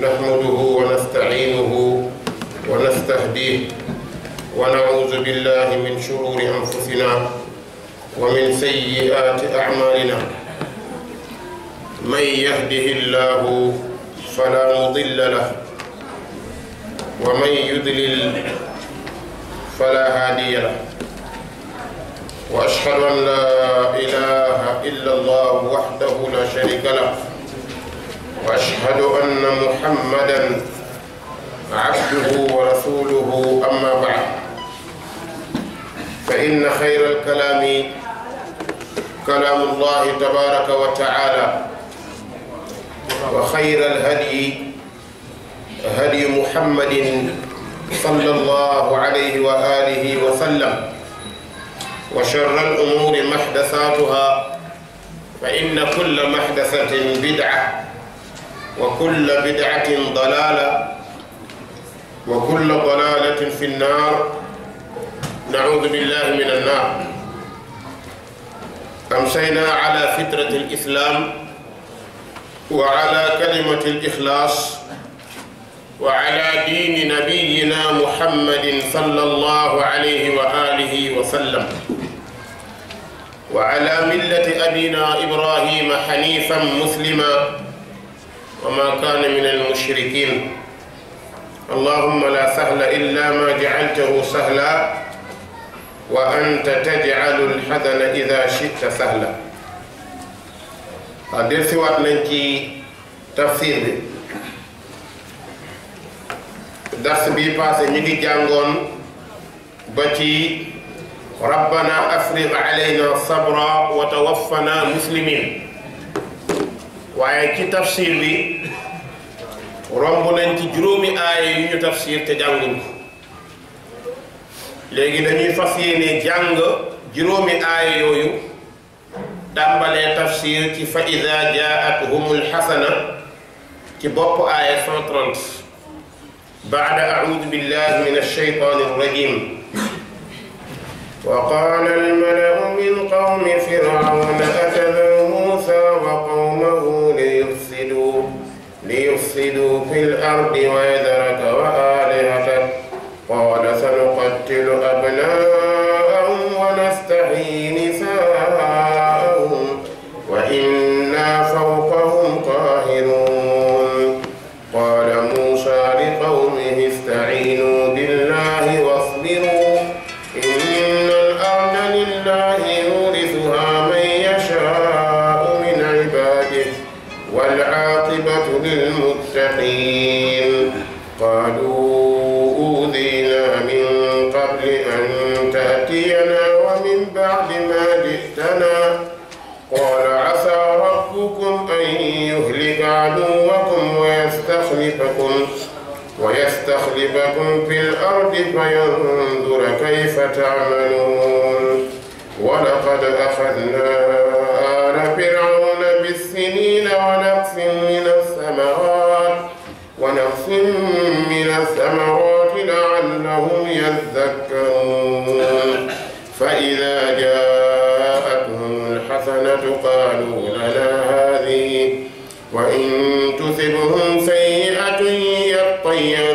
نحمده ونستعينه ونستهديه ونعوذ بالله من شرور أنفسنا ومن سيئات أعمالنا من يهده الله فلا مضل له ومن يضلل فلا هادي له واشهد ان لا اله الا الله وحده لا شريك له واشهد ان محمدا عبده ورسوله اما بعد فان خير الكلام كلام الله تبارك وتعالى وخير الهدي هدي محمد صلى الله عليه واله وسلم وشر الامور محدثاتها فان كل محدثه بدعه وكل بدعة ضلالة وكل ضلالة في النار نعوذ بالله من النار أمسينا على فترة الإسلام وعلى كلمة الإخلاص وعلى دين نبينا محمد صلى الله عليه وآله وسلم وعلى ملة أبينا إبراهيم حنيفا مسلما وما كان من المشركين اللهم لا سهل إلا ما جعلته سهلا وأنت تجعل الحزن إذا شئت سهلا del si waat nañ ci tafsir bi dars bi passé ñu ngi jàngoon ba ci rabbana afrigh alayna sabra wa tawaffana muslimin waaye ci tafsir bi romb nañ ci juróomi aaya yu ñu tafsir te jànguñ ko léegi dañuy fas yéene jàng juróomi aaya yooyu tàmbalee tafsir ci fa ida jaatuhumul xasana ci bopp aaya 130 baada audu billahi min alshaytani alrajim wa qaala almalau min qawmi firawna ليفسدوا في الأرض ويذرك وآلهتك قال سنقتل أبناءهم يستخلفكم في الأرض فينظر كيف تعملون ولقد أخذنا آل فرعون بالسنين ونقص من الثمرات ونقص من الثمرات لعلهم يذكرون فإذا جاءتهم الحسنة قالوا لنا هذه وإن تصبهم سيئة يطيرون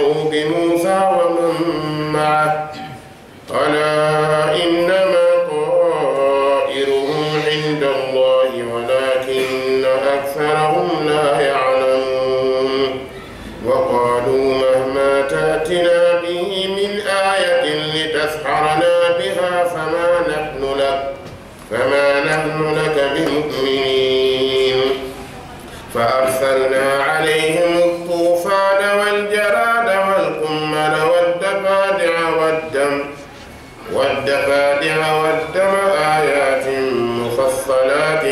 والقلم والدفاتح والدم آيات مفصلات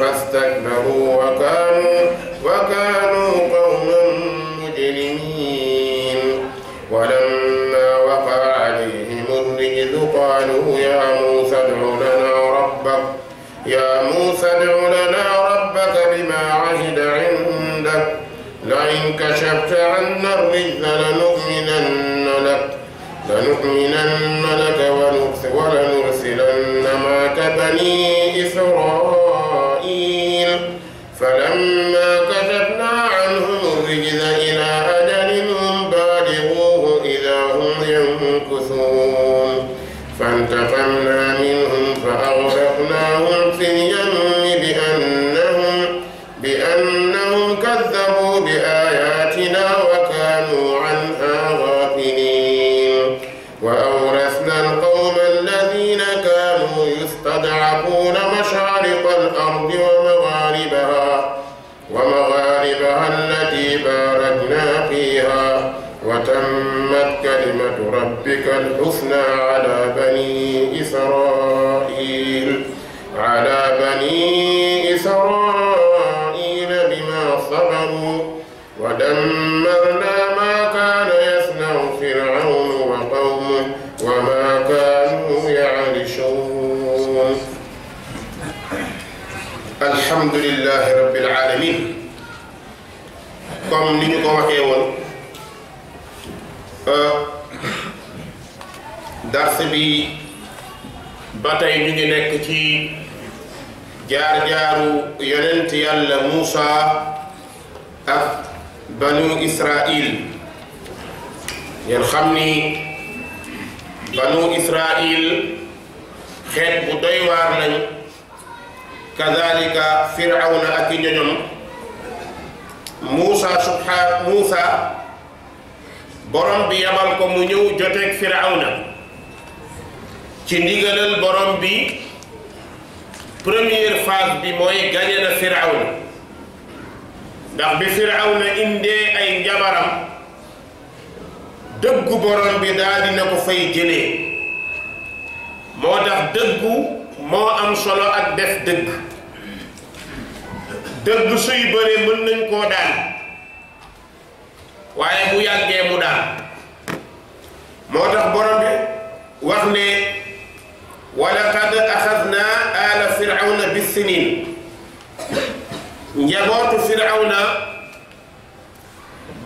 فاستكبروا وكانوا وكانوا قوما مجرمين ولما وقع عليهم الرجز قالوا يا موسى ادع لنا ربك يا موسى ادع لنا ربك بما عهد عندك لئن كشفت عنا الرجز لنؤمنن لنؤمنن لك ولنرسلن معك بني ربك الحسنى على بني إسرائيل على بني إسرائيل بما صبروا ودمرنا ما كان يصنع فرعون وقومه وما كانوا يعرشون الحمد لله رب العالمين comme ni ñu ko waxee woon dars bi ba tey ñu ngi nekk ci jaar-jaaru yonent yàlla Muusa ak banu Israil ngeen xam ni banu Israil xeet bu doy waar lañ kadalika firawna ak i ñoñom Muusa subhaan Muusa borom bi yabal ko mu firawna ci ndigalal borom bi première phase bi mooy gañe na firawna ndax bi firawna indee ay njabaram dëggu borom bi daal ko fay jëlee moo tax dëggu moo am solo ak def dëgg dëgg suy bëre mën nañ koo daan waaye bu yàggee mu daan moo tax borom wax ne wala laqad axadna ala firawna bissinin njabootu firawna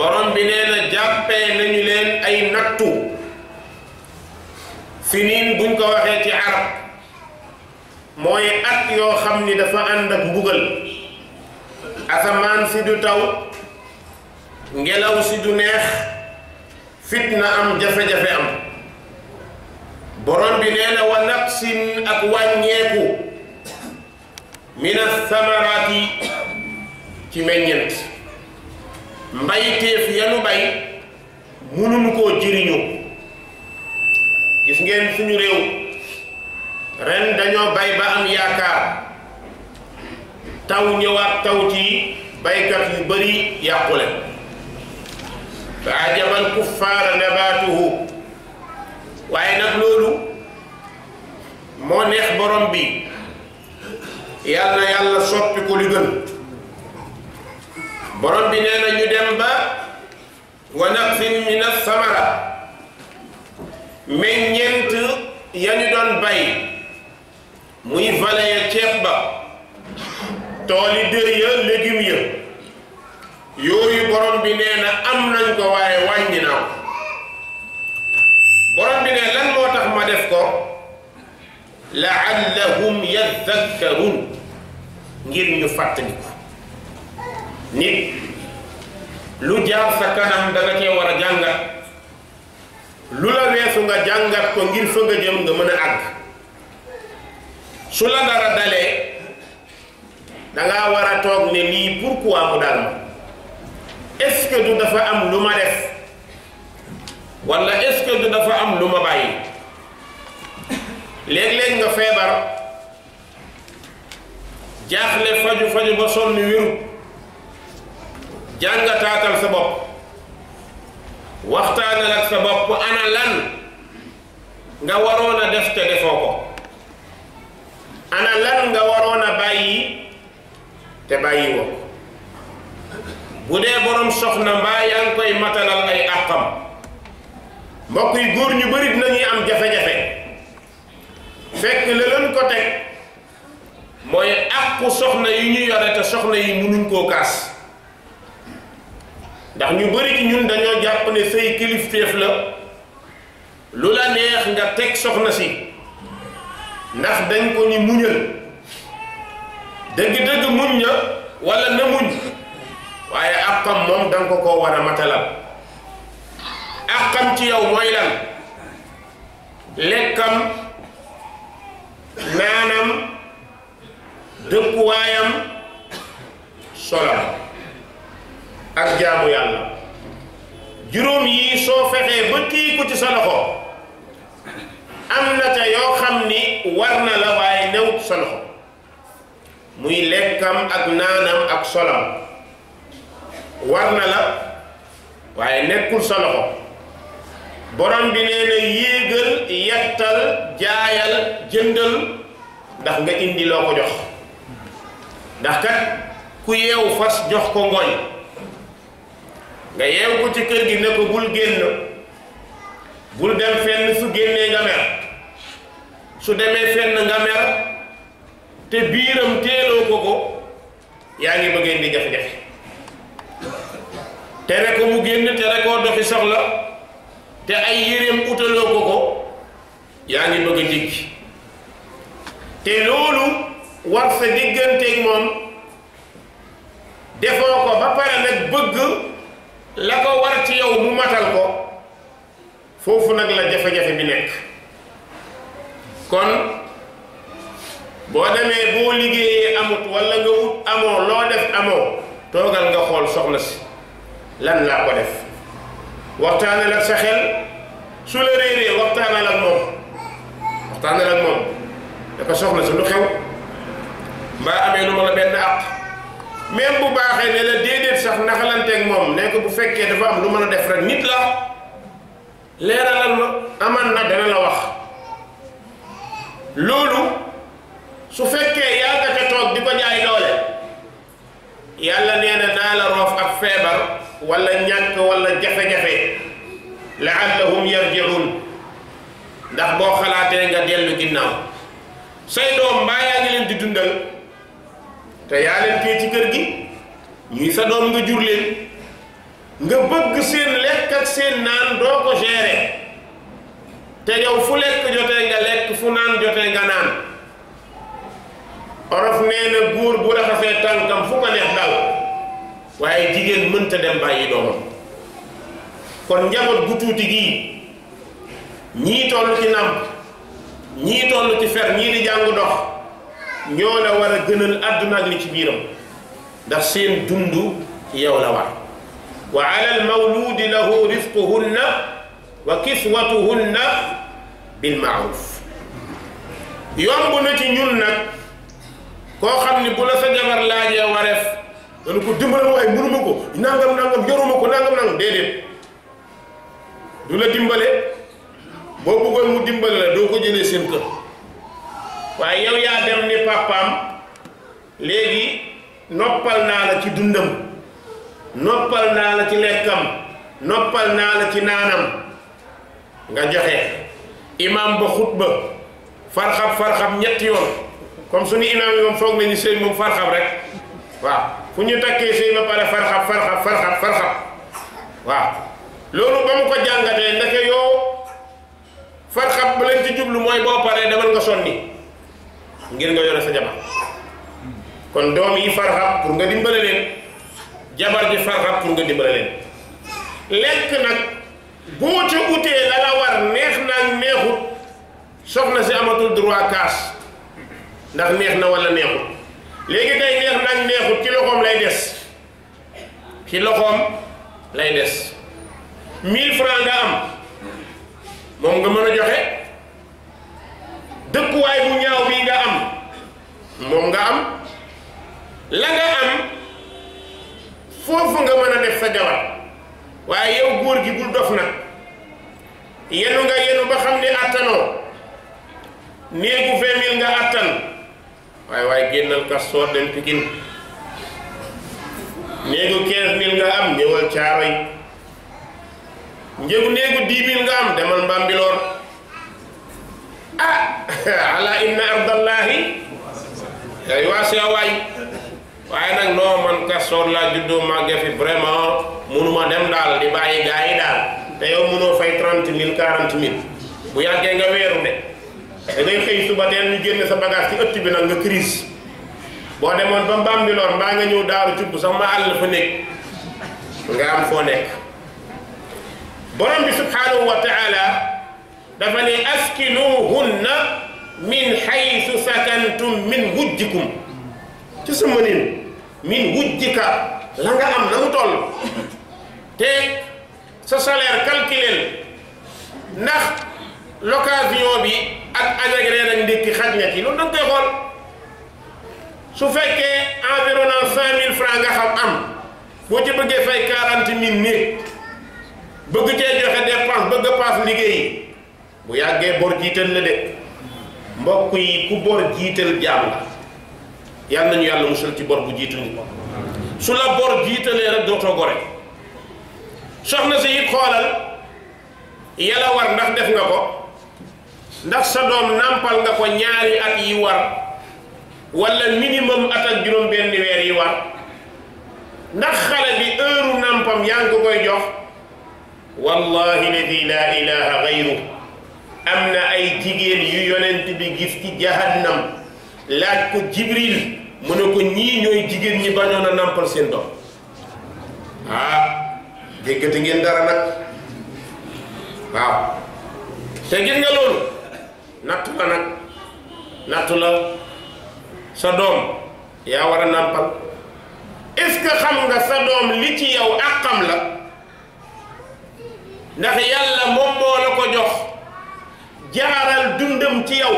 borom bi nee na jàppee nañu leen ay nattu siniin buñ ko waxee ci arab mooy ak yoo xam ni dafa ànd ak mbugal asamaan si du taw ngelaw si du neex fitna am jafe-jafe am borom bi nee na wa naqsin ak wàññeeku min athamaraati ci meññent mbayteef yanu bay mënuñu ko jëriñoo gis ngeen suñu réew ren dañoo bay ba am yaakaar taw ñëwaat taw ci baykat yu bëri yàqule fa ajaban kuffaara nabaatuhu waaye nag loolu moo neex borom bi yàlla na yàlla soppi ko li gën borom bi nee na ñu dem ba wa naqsin min as-samara meññeent ya ñu doon bay muy vale ya ceeb ba tooli dër ya légumes ya yooyu borom bi nee na am nañ ko waaye wàññi naa ko borom bi ne lan moo tax ma def ko laallahum yadakkarun ngir ñu fàttaliku nit lu jaar sa kanam da nga war a jàngat lu la weesu nga jàngat ko ngir fa nga jëm nga mën a àgg su la dara dalee dangaa war a toog ne lii pourquoi mu dal ma est dafa am lu ma def wala est-ce que dafa am lu ma bàyyi léeg-léeg nga feebar jaaxle faju faju ba sonn wéru jàngataatal sa bopp waxtaanal ak sa bopp ana nga waroon a def te defoo ko ana lan nga waroon a bàyyi te bàyyi ko bu dee borom soxna mbaa yaa ngi koy matalal ay àqam mbokk yi góor ñu bëri dinañuy am jafe-jafe fekk la ko teg mooy àqu soxna yi ñu yore te soxna yi mënuñ koo kaas ndax ñu bëri ci ñun dañoo jàpp ne say kilifteef la lu la neex nga teg soxna si ndax dañ ko ni muñal dëgg-dëgg muñ na wala na muñ waaye àqam moom danga ko koo war a matalal àqam ci yow mooy lan lekkam naanam dëkkuwaayam solam ak jaamu yàlla juróom yi soo fexee ba kii ci sa loxo am na ca yoo xam ni war na la waaye newut sa loxo muy lekkam ak naanam ak solam war na la waaye nekkul sa loxo borom bi nee na yéegal yettal jaayal jëndal ndax nga indi ko jox ndax kat ku yeew fas jox ko ngooñ nga yeew ko ci kër gi ne ko bul génn bul dem fenn su génnee nga mer su demee fenn nga mer te biiram teeloo ko ko yaa ngi bëggee di jafe-jafe tere ko mu génn tere koo doxi soxla te ay yéreem utaloo ko ko yaa ngi bëgg a te loolu war sa digganteeg moom defoo ko ba pare nag bëgg la ko war ci yow mu matal ko foofu nag la jafe-jafe bi nekk kon boo demee boo liggéeyee amut walla nga wut amoo loo def amoo toogal nga xool soxna si lan laa ko def waxtaanal ak sa xel su la réeree waxtaanal ak moom waxtaanal ak moom da ko si lu xew mbaa amee lu ma la benn àq même bu baaxee ne la déedéet sax naxalanteeg moom ne bu fekkee dafa am lu mën a def rek nit la leeralal ma aman na su fekkee yaa di ko jaay doole yàlla nee na naa ak feebar wala ñàkk wala jafe-jafe laallahum yarjiun ndax boo xalaatee nga dellu ginnaaw say doom mbaa yaa ngi leen di dundal te yaa leen tee ci kër gi ñuy sa doom nga jur leen nga bëgg seen lekk ak seen naan doo ko gérer te yow fu lekk jotee nga lekk fu naan jotee nga naan orof nee na góor bu raxasee tànkam fu ko neex dal waaye jigéen mënta dem bàyyi doomam kon njaboot bu tuuti gii ñii toll ci nàmp ñii toll ci fer ñii di jàng dox ñoo la war a gënal àdduna ak li ci biiram ndax seen dund yow la war wa ala al mawludi lahu wa kiswatuhunna bil maaruf yomb na ci ñun nag koo xam ni bu la sa jabar laajee wareef dana ko dimbale ma waaye mënuma ko nangam nangam yoruma ko nangam nangam déedéet du la dimbale boo bëggoon mu dimbale la doo ko jëlee seen kër waaye yow yaa dem ni papaam léegi noppal naa la ci dundam noppal naa la ci lekkam noppal naa la ci naanam nga joxe imam ba xutba farxab farxab ñetti yoon comme su imam yi moom foog nañu seen moom farxab rek waaw fu ñu takkee sëy ba pare farxab farxab farxab farxab waaw loolu ba mu ko jàngatee ndeke yow farxab ba lañ jublu mooy boo paree demal nga sonni ngir nga yore sa jabar kon doom yi farxab pour nga dimbale leen jabar ji farxab pour nga dimbale leen lekk nag boo ca utee la la war neex naag neexut soxna si amatul droit ndax neex na wala neexut léegi tey neex nag neexut ci loxoom lay des ci loxoom lay des 1000 francs nga am moom nga mën a joxe dëkkuwaay bu ñaaw bii nga am moom nga am la nga am foofu nga mën a def sa jabar waaye yow góor gi bul dof nag yenu nga yenu ba xam ne attanoo néegu 20 000 nga attan waaye waaye génnal Kastoor dem Pikin néegu 15000 nga am ñëwal Caaroy njëgu néegu 10000 nga am demal Mbambiloor ah ala inna ardallahi ay waasi'a waay waaye nag non man Kastoor laa juddoo màggee fi vraiment mënuma dem daal di bàyyi gaa yi daal te yow mënoo fay 30000 40000 bu yàggee nga weeru de. da ngay xëy suba teel ñu génne sa bagage ci ëtt bi nga boo demoon ba mbaam bi lor ñëw daaru cubb sax ma àll am foo nekk borom bi subhanahu wa taala dafa ne askinuhunna min xaysu sakantum min wujjikum ci sa mënin min wujjika la nga am na mu sa salaire calculel ndax l'occasion bi ak ajak reer ak ndékki xaj na ci loolu da nga koy xool su fekkee environ cinq mille francs nga xam am boo ci bëggee fay quarante mille nit bëgg cee joxe dépense bëgg a paas liggéeyi bu yàggee bor jiital la de mbokk yi ku bor jiital jaam la yàlla nañu yàlla musal ci bor bu jiital ñu ko su la bor jiitalee rek dootoo gore soxna si it xoolal yàlla war ndax def nga ko ndax sa doom nàmpal nga ko ñaari at yi war walla minimum at ak juróom benn weer yi war ndax xale bi heure nàmpam yaa ngi koy jox wallahi ladi laa ilaha gayru am na ay jigéen yu yonent bi gis ci jahannam laaj ko jibril mu ne ko ñii ñooy jigéen ñi bañoon a nàmpal seen doom ah déggati ngeen dara nag waaw te gis nga loolu nattu la nag nattu la sa doom yaa war a nàmpal est-ce que xam nga sa doom li ci yow àqam la ndax yàlla moom moo la ko jox jaaral dundam ci yow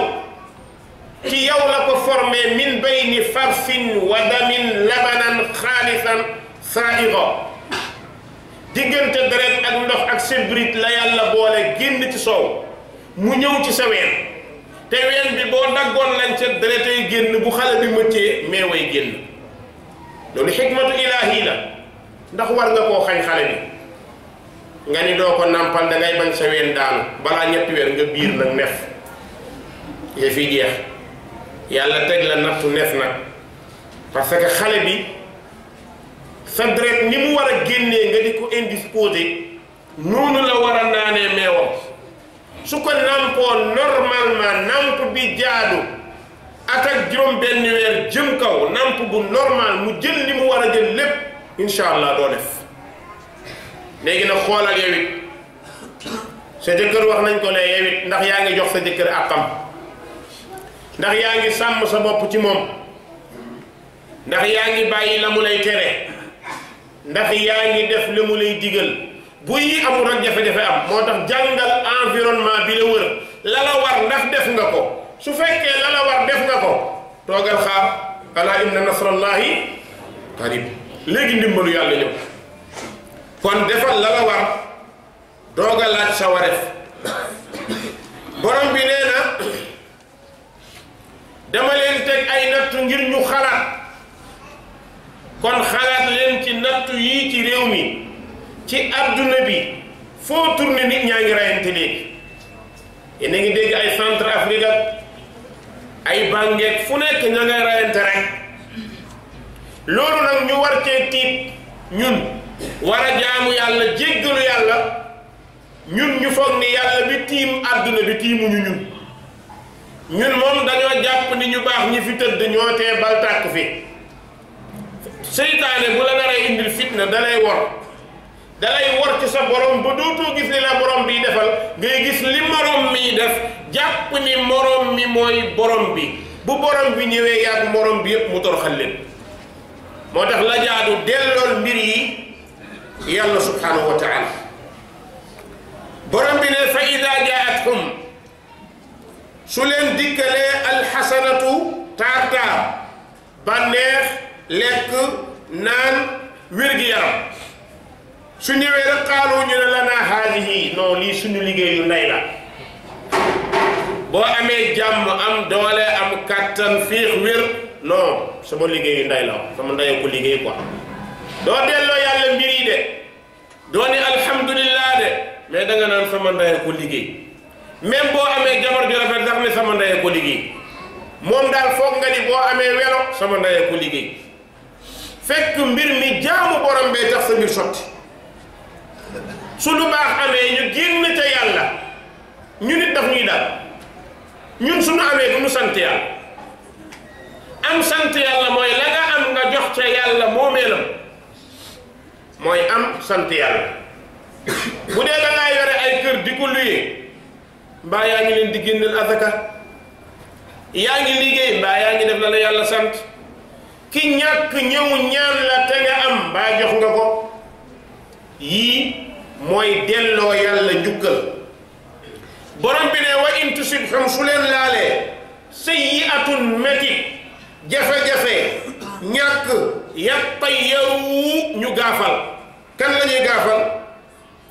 ci yow la ko formé min bayni farsin wa damin labanan xaalisan saaiga diggante deret ak ndox ak sébrit la yàlla boole génn ci soow mu ñëw ci sa ween te ween bi boo daggoon lañ ca deretay génn bu xale bi mëccee meeway génn loolu xikmatu ilaahi la ndax war nga koo xañ xale bi nga ni doo ko nàmpal da ngay bañ sa ween daanu balaa ñetti weer nga biir nag nef ya fi jeex yàlla teg la nattu nef nag parce que xale bi sa deret ni mu war a génnee nga di ko indisposé noonu la war a naanee meewam su ko nampoo normalement namp bi jaadu at ak juróom benn weer jëm kaw namp bu normal mu jël li mu war a jël lépp incha allah doo def léegi nag xoolal yow it sa jëkkër wax nañ ko ne yow ndax yaa ngi jox sa jëkkër àqam ndax yaa ngi sàmm sa bopp ci moom ndax yaa ngi bàyyi la mu lay tere ndax yaa ngi def li mu lay digal bu yi amul rek jafe-jafe am moo tax jàngal environnement bi la wër la la war ndax def nga ko su fekkee la la war def nga ko toogal xaar alaa inna nasrallahi qarib léegi ndimbalu yàlla ñëw kon defal la la war doog a laaj sa wareef borom bi nee na dama leen teg ay nattu ngir ñu xalaat kon xalaat leen ci nattu yii ci réew mi ci adduna bi foo tourné nit ñaa ngi rayante léegi yéen a ngi dégg ay centre Afrique ay bangeeg fu nekk ña ngay rayante rek loolu nag ñu war cee tiit ñun war a jaamu yàlla jéggalu yàlla ñun ñu foog ni yàlla bi tiim adduna bi tiimuñu ñun ñun moom dañoo jàpp ni ñu baax ñi fi tëdd ñoo tee bal tàkk fi seytaane bu la naree indil fitna dalay wor dalay war ci sa borom ba dootoo gis li la borom bi defal ngay gis li morom def jàpp ni morom mooy borom bu borom bi ñëwee yàgg morom mu toroxal leen moo tax la jaadu dellool mbir yi yàlla subhanahu wa taala borom bi ne fa ida jaathum su leen dikkalee alxasanatu taar-taar bànneex lekk naan wér yaram su ñëwee rek ñu ne lanaa haadihi non lii suñu liggéeyu ndey la boo amee jàmm am doole am kattan fiix wér non sama liggéeyu ndey la sama ndey ko liggéey ko doo delloo yàlla mbir yi de doo ni alhamdulillah de mais da nga naan sama ndey ko liggéey même boo amee jabar ju rafet ndax ne sama ndey ko liggéey moom daal foog nga ni boo amee welo sama ndey ko liggéey fekk mbir mi jaamu borom bee tax sa mbir sotti. su lu baax amee ñu génn ca yàlla ñu nit daf ñuy dal ñun suñu amee du ñu sant yàlla am sant yàlla mooy la nga am nga jox ca yàlla moomeelam mooy am sant yàlla bu dee da yore ay kër di ko luyee mbaa yaa ngi leen di génneel azaka yaa ngi liggéey mbaa yaa ngi def la la yàlla sant ki ñàkk ñëw ñaan la te nga am mbaa jox nga ko yii mooy delloo yàlla njukkal borom bi ne wa in tusibhum su leen yi sayyi'atun métit jafe-jafe ñàkk yattayaru ñu gaafal kan la ñuy gaafal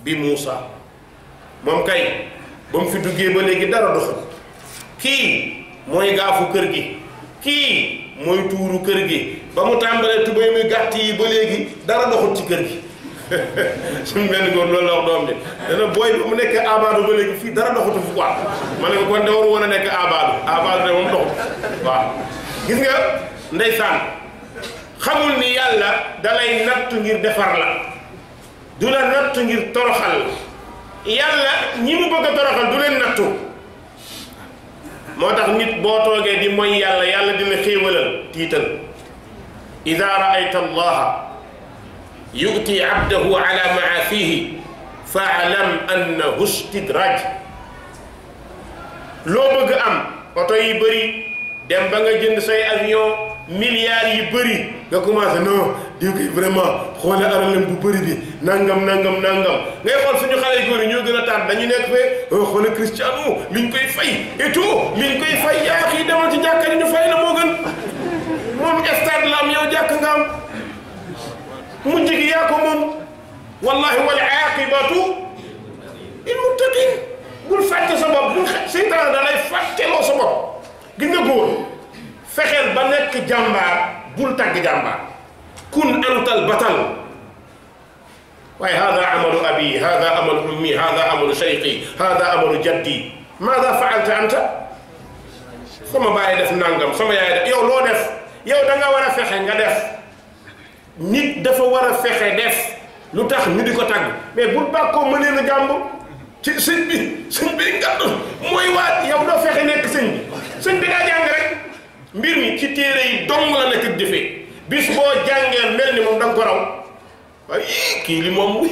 bi Muusa moom kay ba mu fi duggee ba léegi dara doxul kii mooy gaafu kër gi kii mooy tuuru kër gi ba mu tàmbalee tubéy muy gàtt yi ba léegi dara doxul ci kër gi suñu benn mu nekk abaadu ba léegi fii dara doxatu fu quoi ma ne ko kon de waru woon a nekk abaadu abaadu de moom doxut waaw gis nga ndeysaan xamul ni yàlla dalay nattu ngir toroxal yàlla ñi a toroxal du leen nattu moo tax nit boo toogee di mooy yàlla yàlla dina xéewalal tiital ida raayta allaha yuti abdahu ala maafihi fa alam annahu istidraj loo bëgg am oto yi bëri dem ba nga jënd say yo milliards yi bëri nga commencé non diw gi vraiment xoola aralam bu bëri bi nangam nangam nangam ngay xool suñu xale yu góor yi gën a tànn dañu nekk fee oh, xoola Cristiano liñ koy fay et tout liñ koy fay yaa xii demal ci jàkka ñu fay la moo gën moom stade la am yow jàkk nga mujj gi yaa ko moom wallahi wal aaqibatu lil muttaqin bul fàtte sa bopp bul seytaan da lay fàtteloo sa bopp gis nga góor fexeel ba nekk jàmbaar bul tàgg jàmbaar kun antal batal waaye hada amalu abi hada amalu ummi hada amalu shaykhi hada amalu jaddi maada faalta anta sama baay def nangam sama yaay def yow loo def yow da nga war a fexe nga def nit dafa war a fexe def lu tax ñu di ko tàgg mais bu bàkkoo ma na jàmb ci sëñ bi sëñ bi ngàdd mooy waat yow doo bi sëñ bi daa jàng rek mbir mi ci téere yi dong la nekk defee bis boo jàngee mel ni moom da nga ko raw waaye yii kii li moom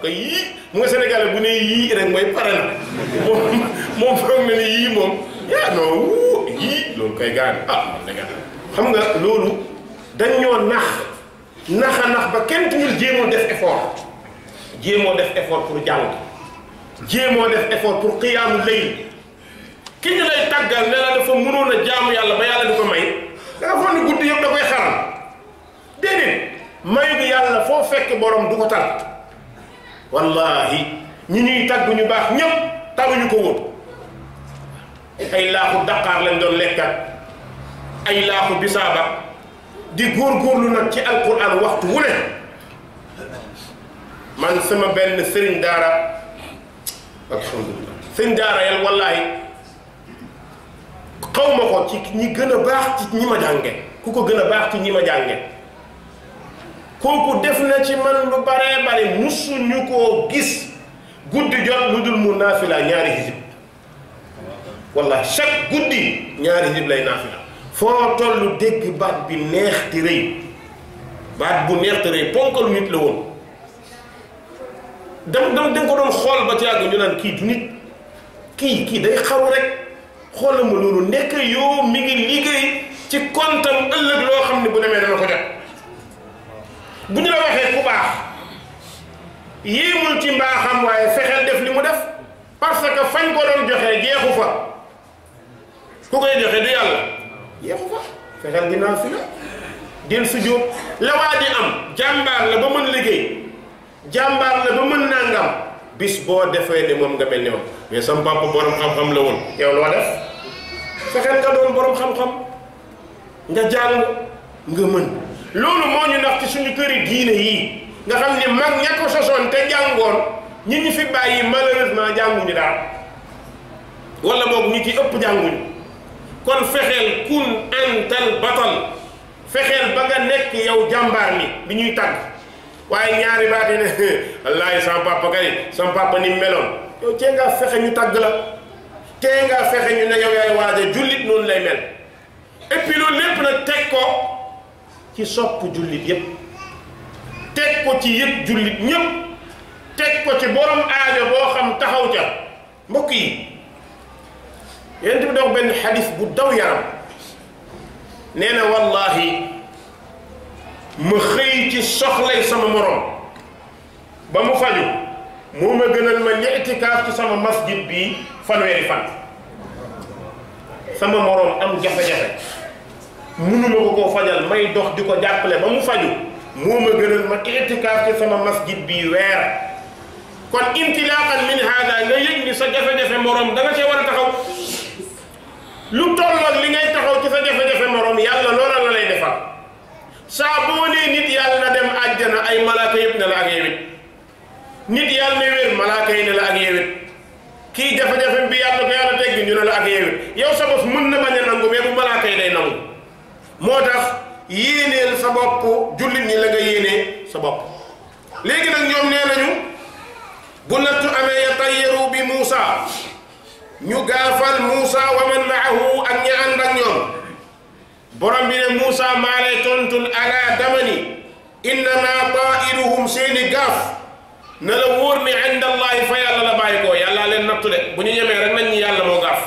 ko yii mu nga Sénégal bu ne yii rek mooy pare na moom moom foog na ne yii moom yaa non wuu yii loolu koy gaan ah xam nga loolu dañ nax naxa nax ba kenn tuñul jéemoo def effort jéemoo def effort pour jàng jéemoo def effort pour xiyaamu lay ki ñu lay tàggal ne la dafa mënoon a jaamu yàlla ba yàlla di ko may da nga foog guddi yëpp da koy xaram déedéet mayu yàlla foo fekk borom du ko tal wallahi ñi ñuy tagg ñu baax ñëpp taguñu ko woon ay laaxu daqaar lañ doon lekkat ay laaxu bisaaba di góor góorlu nag ci alquran waxtu wu ne man sama benn sëriñ daara alhamdulilah sëriñ daara yal wallaahi xaw ko ci ñi gën a baax ci ñi ma jànge ku ko gën a baax ci ñi ma jànge kooku def na ci man lu baree bare musuñu ko gis guddi jot lu dul mu naafila ñaari hizib wallahi chaque guddi ñaari hizib lay naafila foo tollu dégg baat bi neex te rëy baat bu neex te rëy ponkalu nit la woon dam dam danga ko doon xool ba ci yàgg ñu naan kii du nit kii kii day xaru rek xoolal ma loolu nekk yow mi ngi liggéey ci kontam ëllëg loo xam ne bu demee dana ko jot bu ñu la waxee ku baax yéemul ci mbaaxam waaye fexeel def li mu def parce que fañ ko doon joxee jeexu fa ku koy joxe du yàlla yéemu fa fexeel ginnaaw si la del su jóob la waa di am jàmbaar la ba mën liggéey jàmbaar la ba mën am bis boo defee ne moom nga mel ni mais sam papa borom xam-xam la woon yow loo def fexeel nga doon borom xam-xam nga jàng nga mën loolu moo ñu nax ci suñu këri diine yii nga xam ne mag ña ko sosoon te jàngoon ñi ñu fi bàyyi malheureusement jànguñu daal wala boog ñu ci ëpp jànguñu kon fexeel kun antal batal fexeel ba nga nekk yow jàmbaar mi bi ñuy tàgg waaye ñaari baat yi ne wallaahi sama papa kay sama papa meloon yow tee ngaa fexe ñu tàgg la tee nga fexe ñu ne yow yaay waaja jullit noonu lay mel et puis loolu lépp nag teg ko ci sopp jullit yépp teg ko ci yëpp jullit ñépp teg ko ci borom aajo boo xam taxaw ca mbokk yi yonent bi dox benn xadis bu daw yaram nee na wallaahi ma xëy ci soxlay sama moroom ba mu faju moo ma gënal ma li itikaaf ci sama masjid bi fanweeri fan sama moroom am jafe-jafe munuma ko koo fajal may dox di ko jàppale ba mu faju moo ma gënal ma itikaaf ci sama masjid bii weer kon intilaqan min hada nga yëg ni sa jafe-jafe morom da nga war a taxaw lu tolloog li ngay taxaw ci sa jafe-jafe morom yàlla loola la lay defal saa boo nee nit yàlla na dem àjjana ay malaaka yëpp ne la ak yewit nit yàlla na wér malaaka ne la ak yewit kii jafe-jafe bi yàlla ko yàlla teggi ñu ne la ak yow sa bopp mën na bañ a nangu mais bu malaaka yi day nangu moo tax yéeneel sa bopp jullit ñi la nga yéenee sa bopp léegi nag ñoom nee nañu ñu gaafal Moussa wa man maahu ak ña ànd ak ñoom borom bi ne Moussa maa lay tontul ala damani innama tairuhum seeni gaaf na la wóor ni inda fa yàlla la bàyyi koo yàllaa leen nattu de bu ñu yemee rek nañ ñu yàlla moo gaaf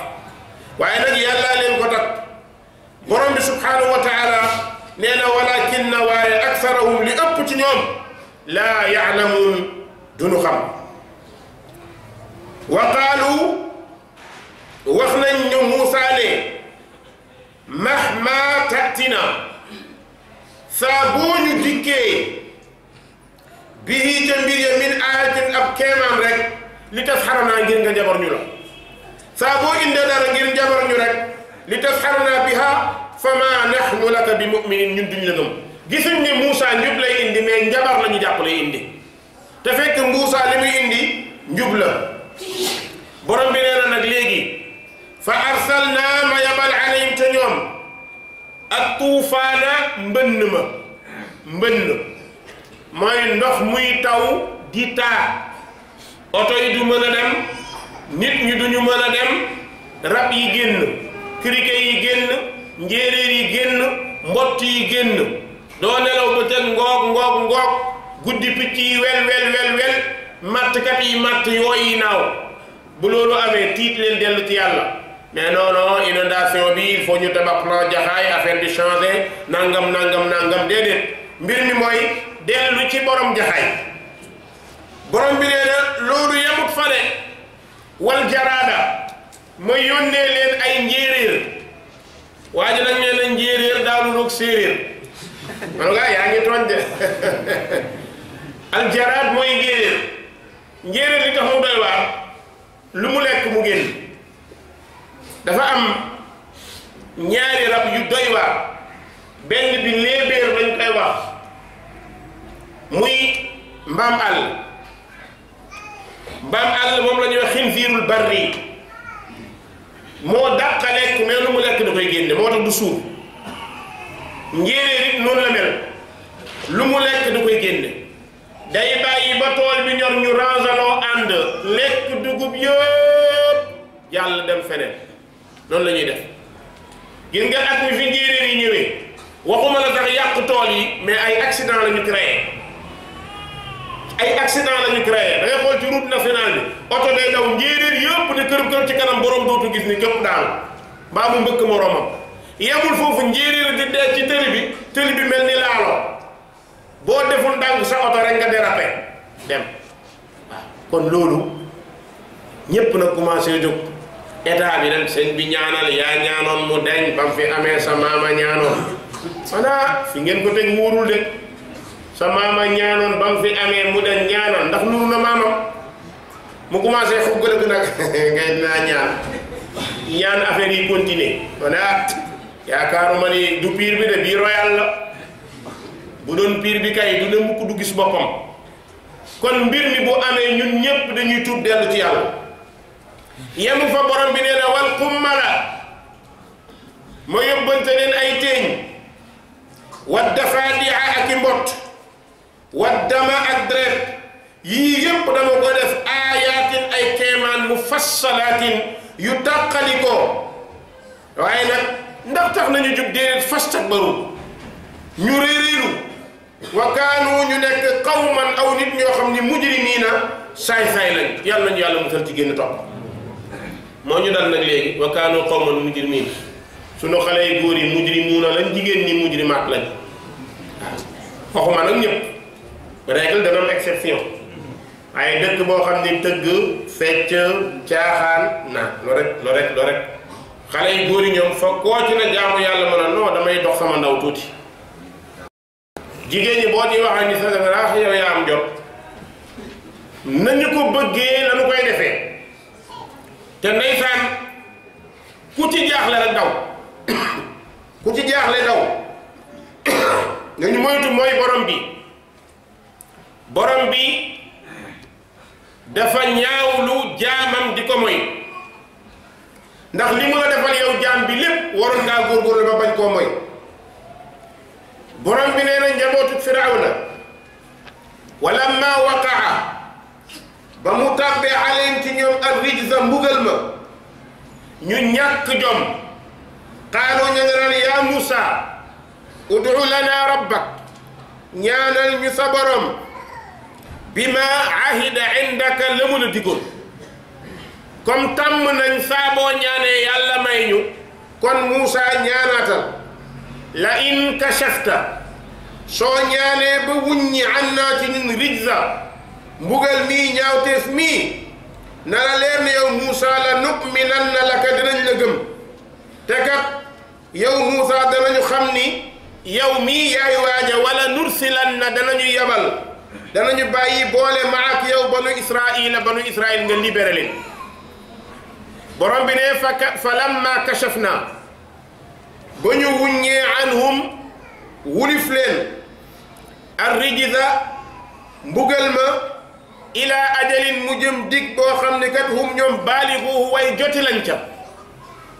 waaye nag yàllaa leen ko takk borom wa taala nee na walakinna waaye li ëpp ci ñoom laa yaalamuun duñu xam wa qaalu wax nañ ñu Moussa ne mahma tatina saa boo ñu dikkee min aayatin ab keemaam rek li tas xaranaa ngir nga jabar ñu la saa ngir jabar ñu rek li tas xaranaa biha fa ma nahnu laka bi muminin ñun duñ la gëm gisuñ ne indi mais njabar la jàpp lay indi te fekk Moussa li muy indi njub la borom bi nee na nag léegi fa naa ma yabal alayhim ca ñoom ak tuufaana mbënn ma mbënn mooy ndox muy taw di taa oto yi du mën a dem nit ñi duñu mën a dem rab yi génn criquet yi génn njéeréer yi génn mbott yi génn doo nelaw bëccëg ngoog ngoog ngoog guddi picc yi wel wel wel wel mattkat yi matt yooyi naaw bu loolu amee tiit leen ci yàlla mais non non inondation bi il faut ñu tabax plan jaxaay affaire bi changé nangam nangam nangam déedéet mbir mi mooy dellu ci borom jaxaay borom bi na loolu yamut fa wal jaraada ma yónnee leen ay njéeréer waa ji nag nee na njéeréer daanu roog séeréer man nga yaa ngi tooñ de aljaraad mooy njéeréer njéeréer li tax mu doy waar lu mu lekk mu génn dafa am ñaari rab yu doy waar benn bi léebéer lañ koy wax muy mbaam àll mbaam àll moom la ñuy wax xinziirul barri moo dàq lekk mais lu mu lekk da koy génne moo tax du suur njéeréer it noonu la mel lu mu lekk da koy génne day bàyyi ba tool bi ñor ñu rangaloo ànd lekk dugub yëpp yàlla dem feneen noonu la ñuy def gis nga at mi fi njéeréer yi ñëwee waxuma la tax yàq tool yi mais ay accident la ñu créé ay accident la ñu créé da ngay xool ci route nationale bi oto day daw njéeréer yëpp ne kër kër ci kanam borom dootu gis ni képp daal mbaa mu mbëkk moromam yemul foofu njéeréer di dee ci tëli bi tëli bi mel ni laalo boo deful ndànk sa oto rek nga dérapé dem waaw kon loolu ñépp na commencé jóg état bi nag sëñ bi ñaanal yaa ñaanoon mu deñ bam fi amee sa maama ñaanoon xanaa fi ngeen ko teg wóorul de sa maama ñaanoon bam fi amee mu deñ ñaanoon ndax nuru na maamam mu commencé xub gërëg nag ngay dinaa ñaan ñaan affaire yi continuer xanaa yaakaaruma ni du piir bi de bii royal la bu doon piir bi kay du ne mukk du gis boppam kon mbir mi bu amee ñun ñépp dañuy tuub dellu ci yàlla yemu fa borom bi nee na wal qummala ma yóbbante leen ay téeñ wa dafaadia ak i mbott wa dama ak deret yii yépp dama ko def aayaatin ay keemaan mufassalaatin yu tàqalikoo waaye nag ndax tax nañu jug déedéet fastakbaru ñu réeréeru wa kaanu ñu nekk qawman aw ni ñoo xam ni mujrimiina saay-saay lañ yàlla nañu yàlla musal ci génn topp moo ñu dal nag léegi wa kaanu qawman mujrimiin sunu xale yu góor yi mujrimuuna lañ jigéen ñi mujrimaat lañ waaw waxuma nag ñëpp règle dana am exception waaye dëkk boo xam ne tëgg fecc caaxaan naa loo rek loo rek loo xale yu góor yi ñoom fa koo ci na jaamu yàlla mën a non damay dox sama ndaw tuuti jigéen ñi boo ñuy waxee ni sa defe am jot nañu ko bëggee lañu koy def te ndeysaan ku ci jaaxle rek daw ku ci jaaxle daw nañu moytu mooy borom bi borom bi dafa ñaawlu jaamam di ko moy ndax li mu la defal yow jaam bi lépp waroon ngaa góorgóorlu ba bañ koo moy borom bi nee na njabootu firawna walamma waqaa ba mu tàbbee aleen ci ñoom ak rijza mbugal ñu ñàkk jom xaaloo ña nga naan lana rabbak ñaanal ñu sa bi ma ahida indaka la mu la digoon comme nañ saa boo ñaanee yàlla may kon Moussa ñaanaatal la in kashafta soo ñaanee ba wuññi an naa ci rijza mbugal mii ñaawteef mii na la leer ne yow Moussa la nu'minanna laka dinañ la gëm te kat yow Moussa danañu xam ni yow mii yaay waaja wala nursilanna danañu yabal danañu bàyyi boole ma ak yow banu Israa'iila banu Israa'iil nga libéré leen borom bi ne fa falamma kashafna ba ñu wuññee anhum wulif leen ar rijza mbugal ma. ilaa ajalin mu jëm dig boo xam ne kat hum ñoom baaliguuhu way joti lañ ca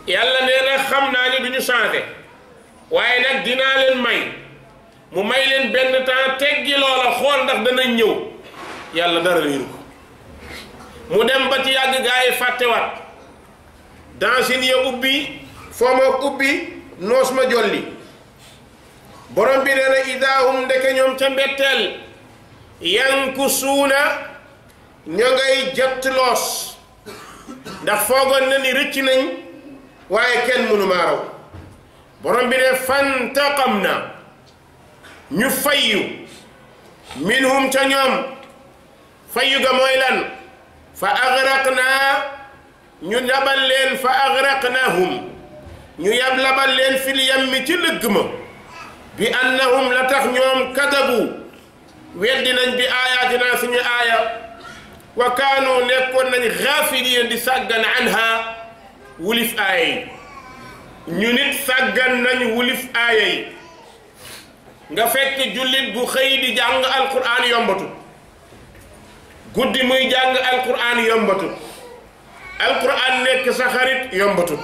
yàlla nee na xam naa ni du ñu changé waaye nag dinaa leen may mu may leen benn temps teggi loola xool ndax danañ ñëw yàlla dara liiru ko mu dem ba ci yàgg gaa yi fàttewaat dansin ya ubbi foomook ubbi noos ma jolli borom bi nee na idaahum ndeke ñoom ca mbetteel yankusuuna ña ngay jett loos ndax foogoon na ni rëcc nañ waaye kenn mënu maa raw borom bi ne fantaqam na ñu fayyu minhum ca ñoom fayyu ga mooy lan fa agraq naa ñu labal leen fa agraq naahum ñu yab labal leen fil yammi ci lëgg ma bi annahum la tax ñoom kadabu weddi nañ bi aayaatinaa suñu aaya wa kaanu nekkoon nañ xaafiliin di sàggan anha wulif aaya yi ñu nit sàggan nañ wulif aaya nga fekk jullit bu xëy di jàng alquran yombatu guddi muy jàng alquran yombatu alquran nekk sa xarit yombatu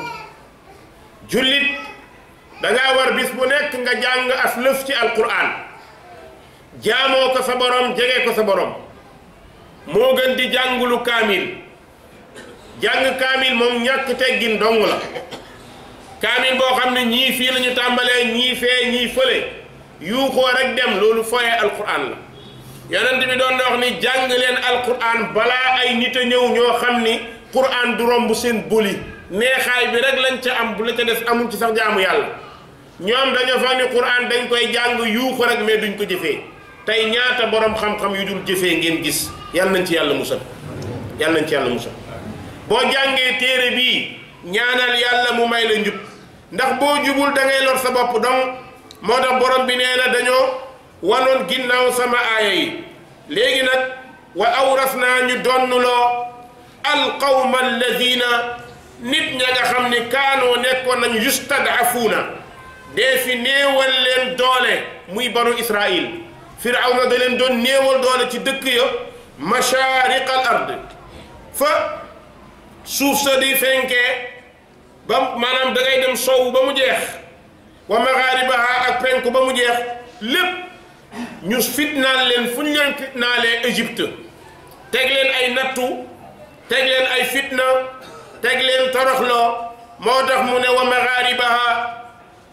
jullit dangaa war bis bu nekk nga jàng as lëf ci alquran jaamoo ko sa borom jege ko sa borom moo gën di jàngulu kaamil jàng kaamil moom ñàkk teggin dong la kaamil boo xam ne ñii fii lañu tàmbalee ñii fee ñii fële yuuxoo rek dem loolu foyee alquran la yonent bi doon na wax ni jàng leen alquran balaa ay nit a ñëw ñoo xam ni quran du romb seen boli neexaay bi rek lañ ca am bu la ca des amul ci sax gaamu yàlla ñoom dañoo foog ni quran dañ koy jàng yuuxu rek mais duñ ko jëfee tey ñaata boroom xam-xam yu dul jëfee ngeen gis yàlla nañ ci yàlla musal yàlla nañ ci yàlla musal boo jàngee téere bii ñaanal yàlla mu may la njub ndax boo jubul da ngay lor sa bopp donc moo tax borom bi nee na dañoo wanoon ginnaaw sama aaya yi léegi nag wa awras naa ñu donnuloo alqawma alladina nit ña nga xam ne kaanoo nekkoon nañu nañ yustadafuuna dee fi néewal leen doole muy banu Israil firawna da leen doon néewal doon ci dëkk ya mashaariq al ard fa suuf sa di fenkee ba maanaam da ngay dem sow ba mu jeex wa maxaaribaha ak penku ba mu jeex lépp ñu fitnaal leen fu ñu leen fitnaalee Égypte teg leen ay nattu teg leen ay fitna teg leen toroxloo moo tax mu ne wa maxaaribaha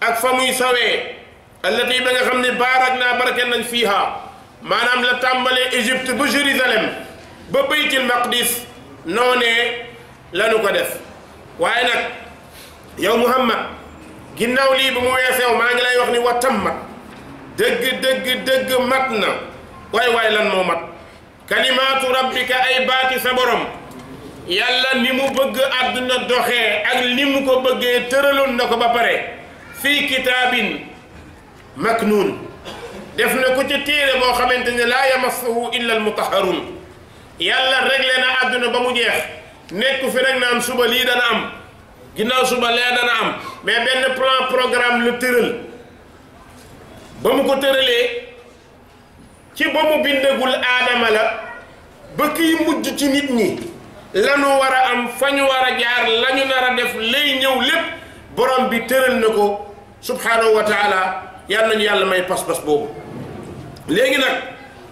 ak fa muy sawee allati ba nga xam ne baarak naa barke nañ fiiha maanaam la tàmbalee Égypte ba Jérusalem ba baytil maqdis noonee lanu ko def waaye nag yow Muhammad ginnaaw lii bu mu weesew maa ngi lay wax ni wa tammat dëgg dëgg dëgg mat na waay waay lan moo mat kalimaatu rabbika ay baati sa borom yàlla ni mu bëgg àdduna doxee ak ni mu ko bëggee tëraloon na ko ba pare fii kitaabin maknuun def na ko ci téere boo xamante ne laa yamassuhu illa al mutaharun yàlla réglé na àdduna ba mu jeex nekku fi na naan suba lii dana am ginnaaw suba lee dana am mais benn plan programme lu tëral ba mu ko tëralee ci ba mu bindagul aadama la ba kiy mujj ci nit ñi la lanu war a am fa ñu war a jaar la nar a def lay ñëw lépp borom bi tëral na ko subhanahu wa yàlla nañu yàlla may pas-pas boobu léegi nag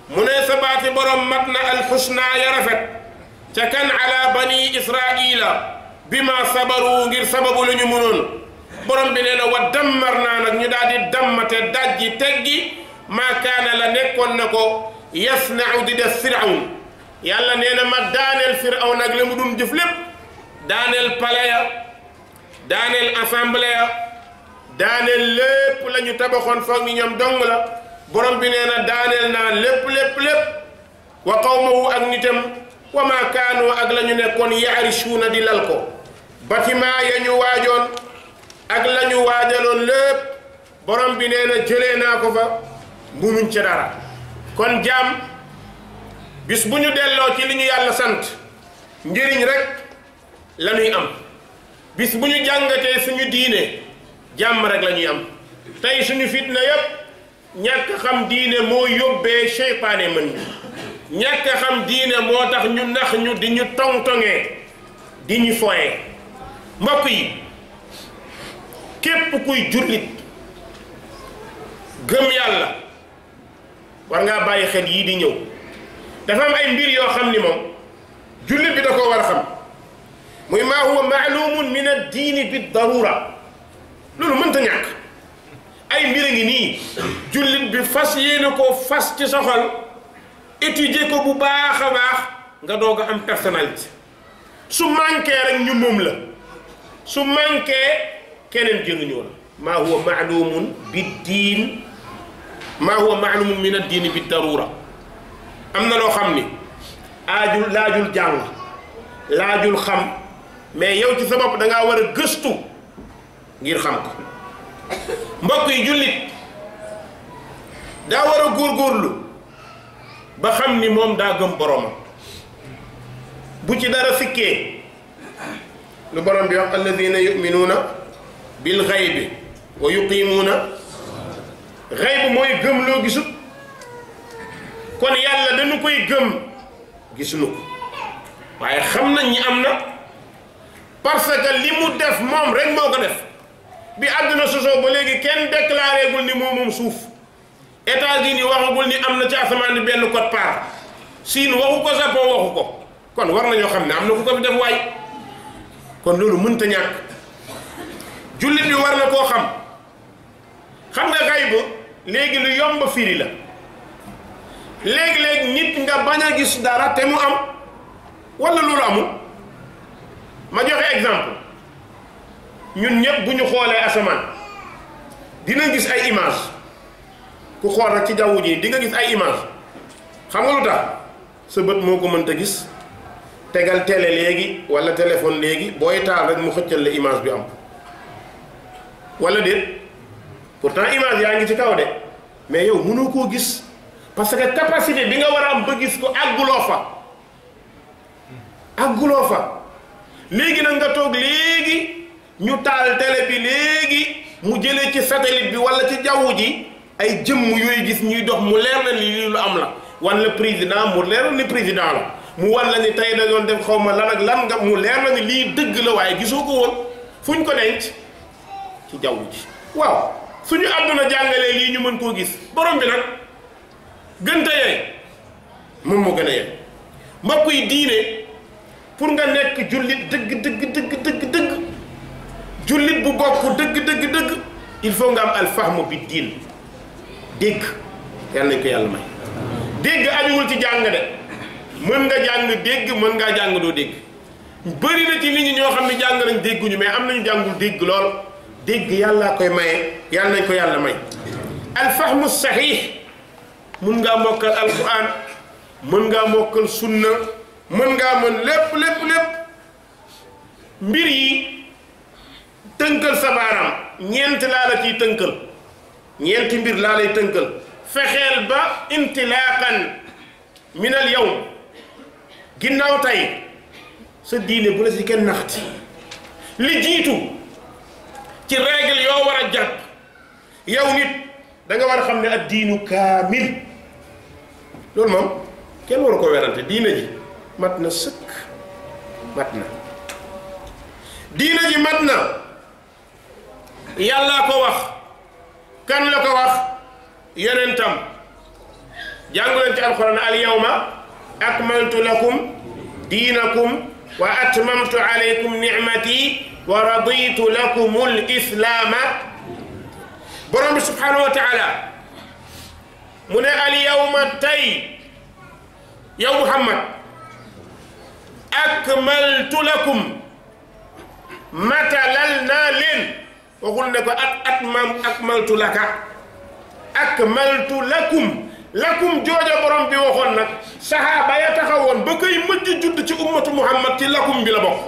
mu ne sabaati borom mat na alxusna ya rafet ca kan ala bani israila bi ma sabaru ngir sababu lu ñu mënoon borom bi nee na wa dammar naa nag ñu daal di dammate dajji teggi ma kaana la nekkoon na ko yasnau di def firawn yàlla na ma daaneel firawn ak la mu dum jëf lépp daaneel palais daaneel lépp lañu ñu tabaxoon foog ni ñoom dong la borom bi nee na daaneel naa lépp lépp lépp wa qawmahu ak nitam wa maa kaanoo ak lañu ñu nekkoon yaarichuuna di lal ko bâtiment ya ñu waajoon ak lañu ñu waajaloon lépp borom bi nee na jëlee naa ko fa munuñ ca kon jaam bis bu ñu delloo ci li ñu yàlla sant njëriñ rek la ñuy am bis bu ñu jàngatee suñu diine jàmm rek la am tey suñu fitna yëpp ñàkk xam diine moo yóbbee seytaane mën ñu ñàkk xam diine moo tax ñu nax ñu di ñu tong-tongee di ñu foyee mbokk yi képp kuy jullit gëm yàlla war ngaa bàyyi xel yii di ñëw dafa am ay mbir yoo xam ni moom jullit bi da ko war xam muy maa huwa maalumun min ad diini bi darura loolu mënta ñàkk ay mbir a ngi nii jullit bi fas yéene ko fas ci sa xol étudier ko bu baax a baax nga doog a am personnalité su manqué rek ñu moom la su manqué keneen jëriñoo la maa huwa maalumun bi diin maa huwa maalumun min addiini bi darura am na loo xam ni aajul laajul jàng laajul xam mais yow ci sa bopp da ngaa war a gëstu ngir xam ko mbokk yi jullit daa war a góorgóorlu ba xam ni moom daa gëm boromam bu ci dara sikkee lu borom bi wax alladina yuminuuna bil xaybi wa yuqimuuna xayb mooy gëm loo gisut kon yàlla dañu koy gëm gisuñu ko waaye xam nañ ñi am na parce que li mu def moom rek moo ko def bi àdduna sosoo ba léegi kenn déclaré gul ni moo moom suuf États-Unis waxagul ni am na ci asamaan ni benn code part Chine waxu ko Japon waxu ko kon war na ñoo xam ne am na ko ko fi def waay kon loolu mënta ñàkk jullit bi war na koo xam xam nga xay bo léegi lu yomb firi la léegi-léegi nit nga bañ a gis dara te mu am wala loolu amul ma joxe exemple ñun ñëpp bu ñu xoolee asamaan dina gis ay image ku xool rek ci jaww ji di gis ay image xam tax sa bët moo ko mënta gis tegal tele léegi wala téléphone léegi booy taal rek mu xëccal la image bi am wala déet pourtant image yaa ngi ci kaw de mais yow mënoo koo gis parce que capacité bi nga war a am ba gis ko àgguloo fa àgguloo fa léegi nag nga toog léegi. ñu taal télé bi léegi mu jëlee ci satellite bi wala ci jaww ji ay jëm yooyu gis ñuy dox mu leer na ni lu am la wan la président mu leer na ni président la mu wan la ni tey da doon def xaw ma lan ak lan nga mu leer na ni lii dëgg la waaye gisoo ko woon fuñ ko denc ci jaww ji waaw suñu àdduna jàngalee lii ñu mën koo gis borom bi nag gënta yey moom moo gën a yey mbokk yi diine pour nga nekk jullit dëgg dëgg dëgg dëgg dëgg jullit bu bokk dëgg dëgg dëgg il faut nga am alfahmu bi diin dégg yal nañ ko yàlla may dégg ajuwul ci jàng de mën nga jàng dégg mën ngaa jàng doo dégg bëri na ci li ñi ñoo xam ne jàng nañ dégguñu mais am nañu jàngul dégg lool dégg yàllaa koy maye yàlla nañ ko yàlla may alfahmu saxiix mën ngaa mokkal alquran mën ngaa mokkal sunna mën ngaa mën lépp lépp lépp mbir yi tënkal sa baaraam ñeent laa la ciy tënkal ñeenti mbir laa lay tënkal fexeel ba intilaqan min al yawm ginnaaw tey sa diine bu la si kenn naxti li jiitu ci règle yoo war a jàpp yow nit da nga war a xam ne ak diinu kaamil loolu moom kenn waru ko werante diina ji mat na sëkk mat na diina ji mat na yàllaa ko wax kan la ko wax yonentam jàngu leen ci alxuraan al yawma akmaltu lakum diinakum wa atmamtu alaykum nicmati wa raditu lakum al islaama borom bi subhanahu wa taala mu ne al yawma tey yow muhammad akmaltu lakum matalal naa leen waxul ne ko at at maam ak maltu laka ak maltu lakum lakum jooja borom bi waxoon nag saxaaba ya taxawoon ba koy mujj judd ci ummatu muhammad ci lakum bi la bokk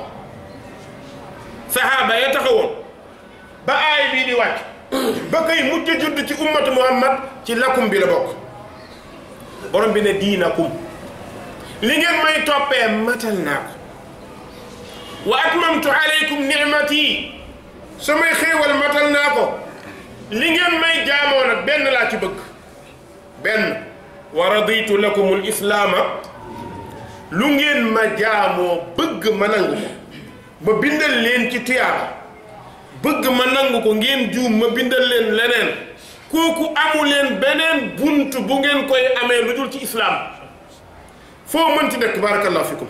saxaaba ya taxawoon ba aay ci ci lakum bi borom bi ne diinakum li ngeen may toppee matal naa ko wa atmamtu alaykum nicmati samay xéewal matal naa ko li ngeen may jaamoo nag benn laa ci bëgg benn wa raditu lakum al islaama lu ngeen ma jaamoo bëgg ma nangu ko ma bindal leen ci tuyaaba bëgg ma nangu ko ngeen juum ma bindal leen leneen kooku amu leen beneen bunt bu ngeen koy amee lu dul ci islaam foo mën ci dëkk barakallahu fikum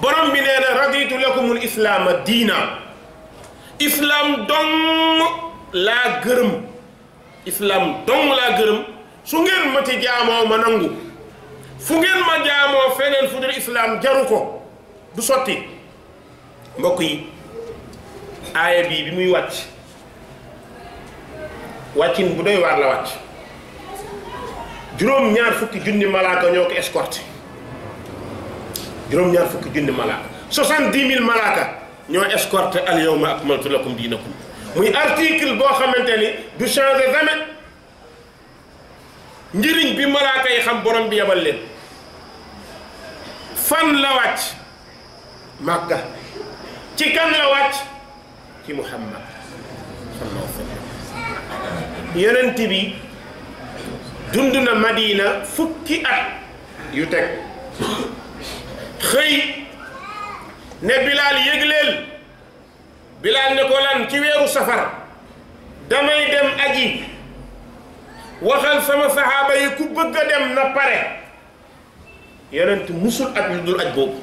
borom bi nee na raditu lakumul islaama diina islaam dong laa gërëm islaam dong laa gërëm su ngeen ma ci jaamoo ma nangu fu ngeen ma jaamoo feneen fu dul islaam jaru ko du sotti mbokk yi aaya bii bi muy wàcc wàccin bu doy waar la wàcc juróom ñaar fukki junni malaaka ñoo ko escorté juróom-ñaar fukki junni malaaka soixante-dix mille malaaka ñoo escorté al yawma akmaltu lakum diinakum muy article boo xamante ni du changer jamais njëriñ bi malaaka yi xam borom bi yebal leen fan la wàcc màkka ci kan la wàcc ci muhammad sallallahu alayhi wa bi dund na madina fukki at yu teg xëy ne Bilal yëgleel Bilal ne ko lan ci weeru safar damay dem aji waxal sama saxaaba yi ku bëgg a dem na pare yonent musul ak ñu dul aj boobu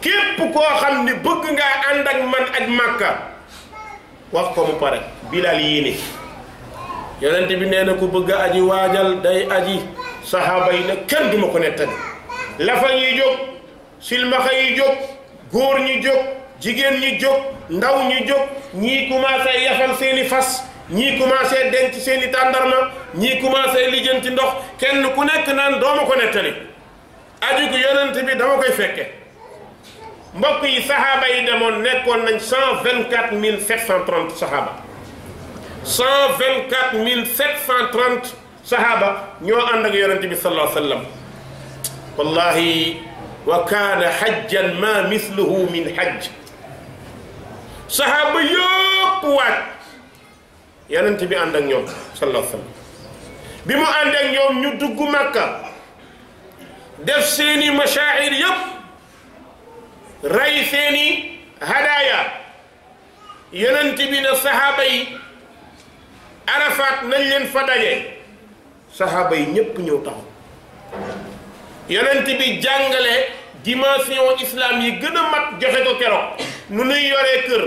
képp koo xam ni bëgg ngaa ànd ak man aj màkka wax ko mu pare Bilal yéene yonent bi nee na ku bëgg a aji waajal day aji saxaaba yi ne kenn duma ko nettali lafa yi jóg silmaxa yi jóg góor ñi jóg jigéen ñi jóg ndaw ñi jóg ñii commencé yafal seeni fas ñii commencé denc seeni tàndarma ñii commencé lijjanti ndox kenn ku nekk naan dooma ko nettali aju gu yonent bi dama koy fekke mbokk yi saxaaba yi demoon nekkoon nañ cent vingt quatre mille sept cent trente saxaaba cent vingt quatre mille sept cent trente saxaaba ñoo ànd ak yonent bi sallallahu wallahi wa kaana xajjan ma mithluhu min xajj sahaaba yëpp waaj yonent bi ànd ak ñoom bi mu ànd ak ñoom ñu dugg Makka def seeni mashaa'ir yëpp rey seeni hadaaya yonent bi na sahaaba Arafat nañ leen fa daje sahaaba yi ñëpp ñëw taxaw yonent bi jàngale dimension islam yi gën a mat joxe ko keroog nu ñuy yoree kër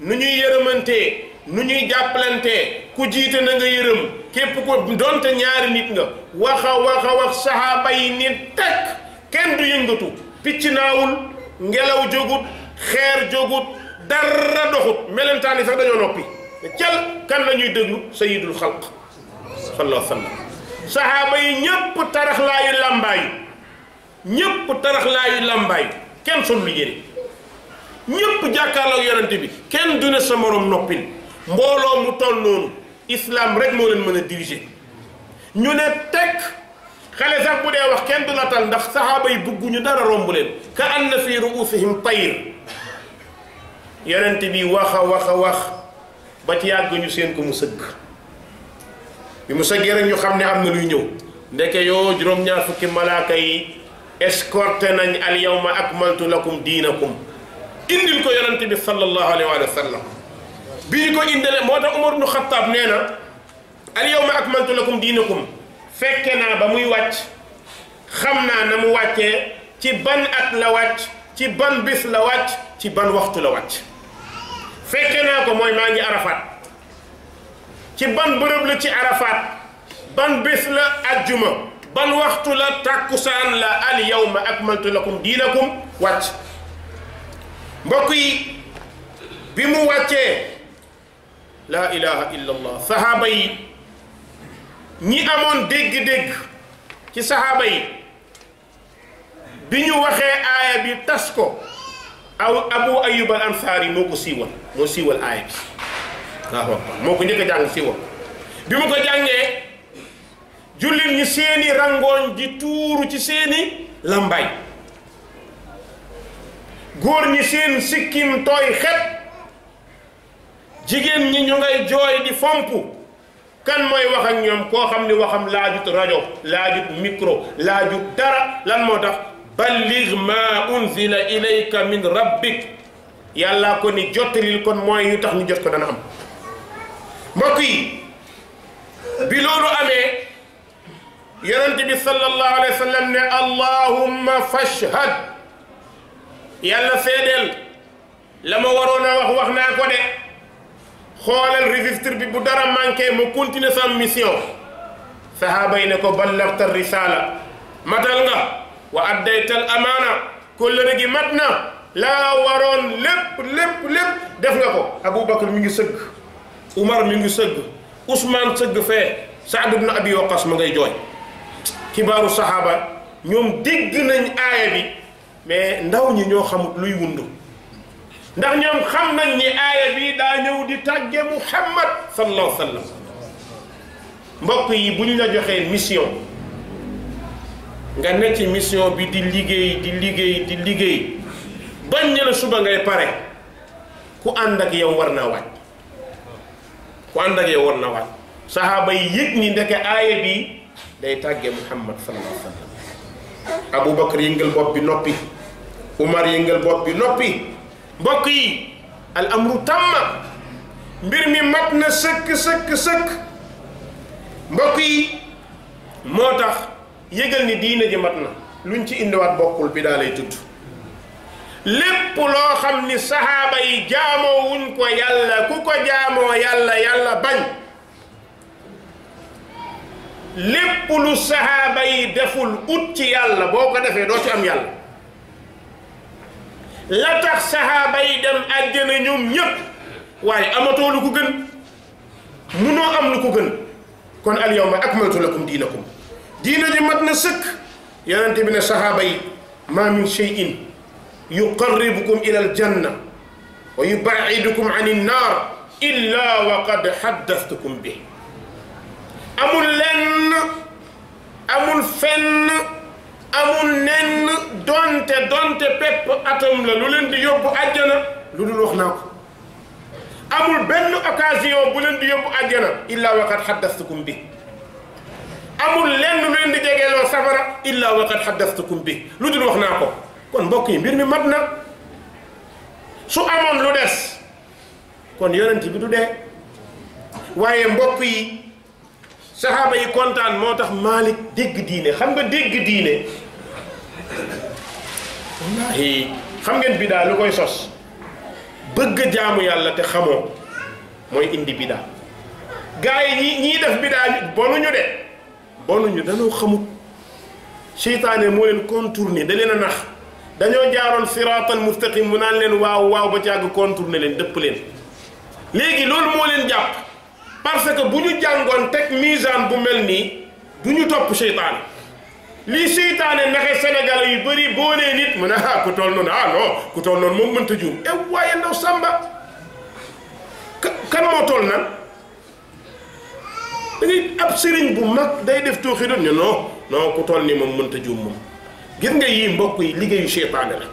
nu ñuy yërëmantee nu ñuy jàppalantee ku jiite na nga yërëm képp ko donte ñaari nit nga waxa waxa wax sahaaba yi ni tekk kenn du yëngatu picc naawul ngelaw jógut xeer jógut dara doxut melentaan yi sax dañoo noppi cel kan la ñuy déglu sayidul xalq sallallahu alayhi wa sallam sahaaba yi ñépp taraxlaayu làmbaayu ñépp tarax laayu làmbaay kenn sol lu yére ñépp jàkkaarloog yonente bi kenn du ne sa morom noppil mbooloo mu toll noonu islam rek moo leen mën a diriger ñu ne tekk xale sax bu dee wax kenn du natal ndax saxaaba yi bugguñu dara romb leen ka anna fi ruusihim tayr yonente bi wax a wax a wax ba ci yàgg ñu seen ko mu sëgg bi mu sëggee rek ñu xam ne am na luy ñëw ndeke yoo juróom-ñaar fukki malaaka yi escorté nañ al yawma akmaltu lakum diinakum indil ko yonante bi sallallahu alayhi wa sallam bi ñu ko indale moo tax Umar ibnu Xattaab nee na al yawma akmaltu lakum diinakum fekke naa ba muy wàcc xam naa na mu wàccee ci ban at la wàcc ci ban bis la wàcc ci ban waxtu la wàcc fekke naa ko mooy maa ngi arafaat ci ban bërëb la ci arafaat ban bis la ajjuma ban waxtu la tàkkusaan la al yawma akmaltu lakum diinakum wàcc mbokk yi bi mu wàccee laa ilaha illa allah sahaaba ñi amoon dégg-dégg ci sahaaba bi ñu waxee aaya bi tas ko aw abu ayub al moo ko siiwal moo siiwal aaya bi waaw moo ko njëkk jàng siiwal bi mu ko jàngee jullit ñi seeni rangooñ di tuuru ci seeni lambay góor ñi seen sikkim tooy xet jigéen ñi ñu ngay jooy di fomp kan mooy wax ak ñoom koo xam ni waxam laajut rajo laajut micro laajut dara lan moo tax balligh ma unzila ilayka min rabbik yàlla ko ni jottalil kon mooy yu tax ñu jot ko dana am mbokk yi bi yonent bi sallallahu alayhi wa sallam ne allahumma fashhad la ma waroon a wax wax naa ko de xoolal registre bi bu dara manqué mu continuer sa mission sahaaba yi ne ko ballagta risala matal nga wa addaytal amaana kóllëre gi mat na laa waroon lépp lépp lépp def nga ko aboubacar mi ngi sëgg umar mi ngi sëgg ousmane sëgg fee saad ibn abi waqas ma ngay jooy kibaaru saxaaba ñoom dégg nañ aaya bi mais ndaw ñi ñoo xamut luy wundu ndax ñoom xam nañ ni aaya bi daa ñëw di tàgge muhammad sallallahu mbokk yi bu ñu la joxee mission nga ne ci mission bi di liggéey di liggéey di liggéey bañ ne suba ngay pare ku ànd ak yow war naa waaj ku ànd ak yow war naa waaj saxaaba yi yëg ndeke aaya bi day tàggee Muhammad sallallahu alayhi wa sallam Aboubacar yëngal bopp bi noppi Umar yëngal bopp bi noppi mbokk yi al amru tamma mbir mi mat na sëkk sëkk sëkk mbokk yi moo tax yëgal ni diina ji mat na luñ ci indiwaat bokkul bi daa lay tudd lépp loo xam ni saxaaba yi jaamoo wuñ ko yàlla ku ko jaamoo yàlla yàlla bañ lépp lu sahaaba yi deful ut ci yàlla boo ko defee doo ci am yàlla la tax sahaaba yi dem àjjana ñoom ñépp waaye amatoo lu ko gën munoo am lu ko gën kon al yawma akmaltu lakum diinakum diina ji mat na sëkk yonente bi ne sahaaba yi ma min shay'in yuqarribukum ila al janna wa yubaidukum an in naar illa wa qad xaddaftukum bi amul lenn amul fenn amul nenn donte donte pepp atom la lu leen di yóbbu àjjana lu dul wax naa amul benn occasion bu leen di yóbbu àjjana illa waqad xaddastukum bi amul lenn lu leen di jegeeloo safara illa waqad xaddastukum bi lu dul wax naa ko kon mbokk yi mbir mi mat na su amoon lu des kon yonent bi du dee waaye mbokk yi saxaaba yi kontaan moo tax Malick dégg diine xam nga dégg diine wallaahi xam ngeen biddaa lu koy sos bëgg jaamu yàlla te xamoo mooy indi biddaa gars yi ñii def biddaa bonuñu de bonuñu danoo xamut seytaane moo leen contourné da leen a nax dañoo jaaroon siratan mustaqim mu naan leen waaw waaw ba ci àgg contourné leen dëpp leen léegi loolu moo leen jàpp parce que bu ñu jàngoon teg misaan bu mel nii du ñu topp seytaane lii seytaane naxe senegal yu bari boolee nee nit mu ne ah ku toll noonu ah non ku toll noonu moom mënta juum e ab sëriñ bu mag day def tooxi doon ne non non ku toll nii moom mënta juum moom gis nga yii mbokk yi liggéeyu seytaane la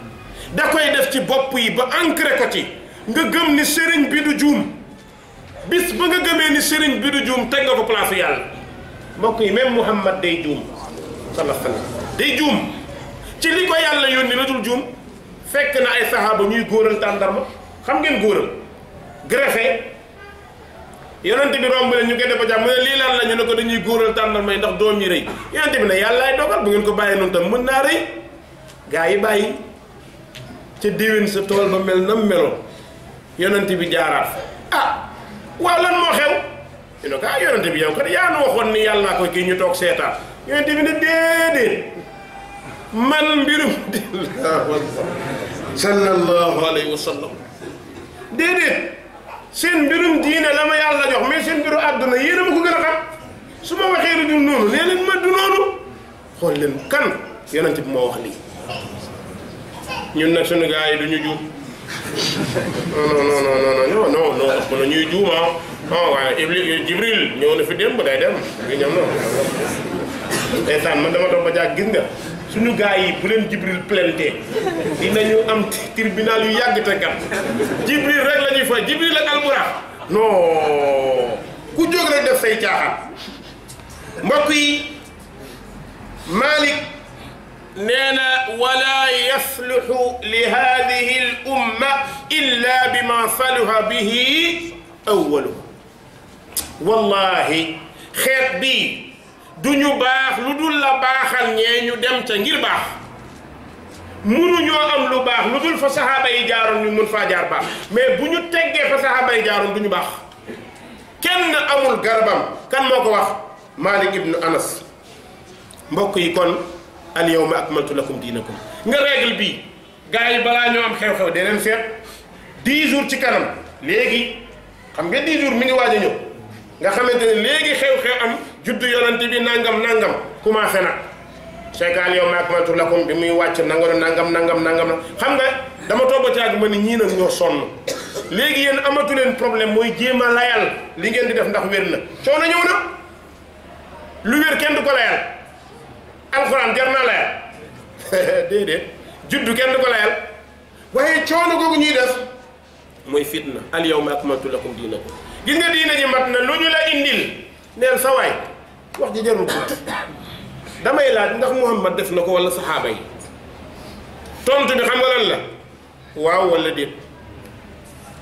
da koy def ci bopp yi ba ancré ko ci nga gëm ni sëriñ bi du juum bis ba nga gëmee ni sëriñ bi du juum teg nga ko place yàlla mbokk yi même Muhammad day juum sallallahu alayhi day juum ci li ko yàlla yoon la dul juum fekk na ay saxaaba ñuy góoral tàndarma xam ngeen góoral greffé yonent bi romb leen ñu koy def ba jàmm lii lan la ne ko dañuy góoral tàndarma yi ndax doom yi rëy yonent bi ne yàllaay dogal bu ngeen ko bàyyi noonu tam mën naa rëy gaa yi bàyyi ca déwén sa tool ba mel nam meloon yonent bi jaaraat waaw lan moo xew ñu ne ko ah yonente bi yow waxoon ni yàlla naa ko kii ñu toog seeta yonente bi ne déedéet man mbirum sallallahu alayhi wa sallam déedéet seen mbirum diine la ma yàlla jox mais seen mbiru àdduna yéen ma ko gën a xam su ma waxee lu dul noonu nee ma du xool leen kan yonente bi moo wax lii nag sunu gars du ñu juub non non non non non non non ñuy juuma ah waaye Ibli Jibril ñëw na fi démb day dem bi ñam na ndeysaan man dama doon ba jàgg gis nga suñu gaay yi bu leen Jibril planté dinañu am tribunal yu yàgg te gàtt Jibril rek la ñuy fay Jibril ak almura non ku jóg rek def say caaxaan mbokk yi Malick nee na wala yafluxu li hadihi l umma bi ma faluha bihi awaluha wallahi xeet bii baax lu dul la baaxal ñee dem ca ngir baax munuñoo am lu baax lu dul fa saxaaba yi jaaroon ñu mun faa jaar baax mais bu ñu teggee fa saxaaba yi jaaroon du ñu baax kenn amul garabam kan moo ko wax Malik ibnu Anas mbokk yi kon al yawma akmaltu lakum diinakum nga règle bii gars yi balaa ñoo am xew-xew dee leen seet 10 jours ci kanam léegi xam nga 10 jour mi ngi waaj ñëw nga xamante ne léegi xew am juddu yonante bi nangam nangam commencé na c'est que al yawma akmaltu lakum bi muy wàcc nangam nangam nangam nangam xam nga dama toog ba caag ma ni ñii nag ñoo sonn léegi yéen amatu leen problème mooy jéem a layal li ngeen di def ndax wér na coono ñëw na lu wér kenn du ko layal. alxuraan jar naa layal déedéet juddu kenn du ko layal waaye coono googu ñuy def mooy fitna al yawma akmaltu lakum diinakum gis nga diina ji mat na lu ñu la indil neel sa waay wax ji jarul damay laaj ndax Muhammad def na ko wala saxaaba yi tontu bi xam nga lan la waaw wala déet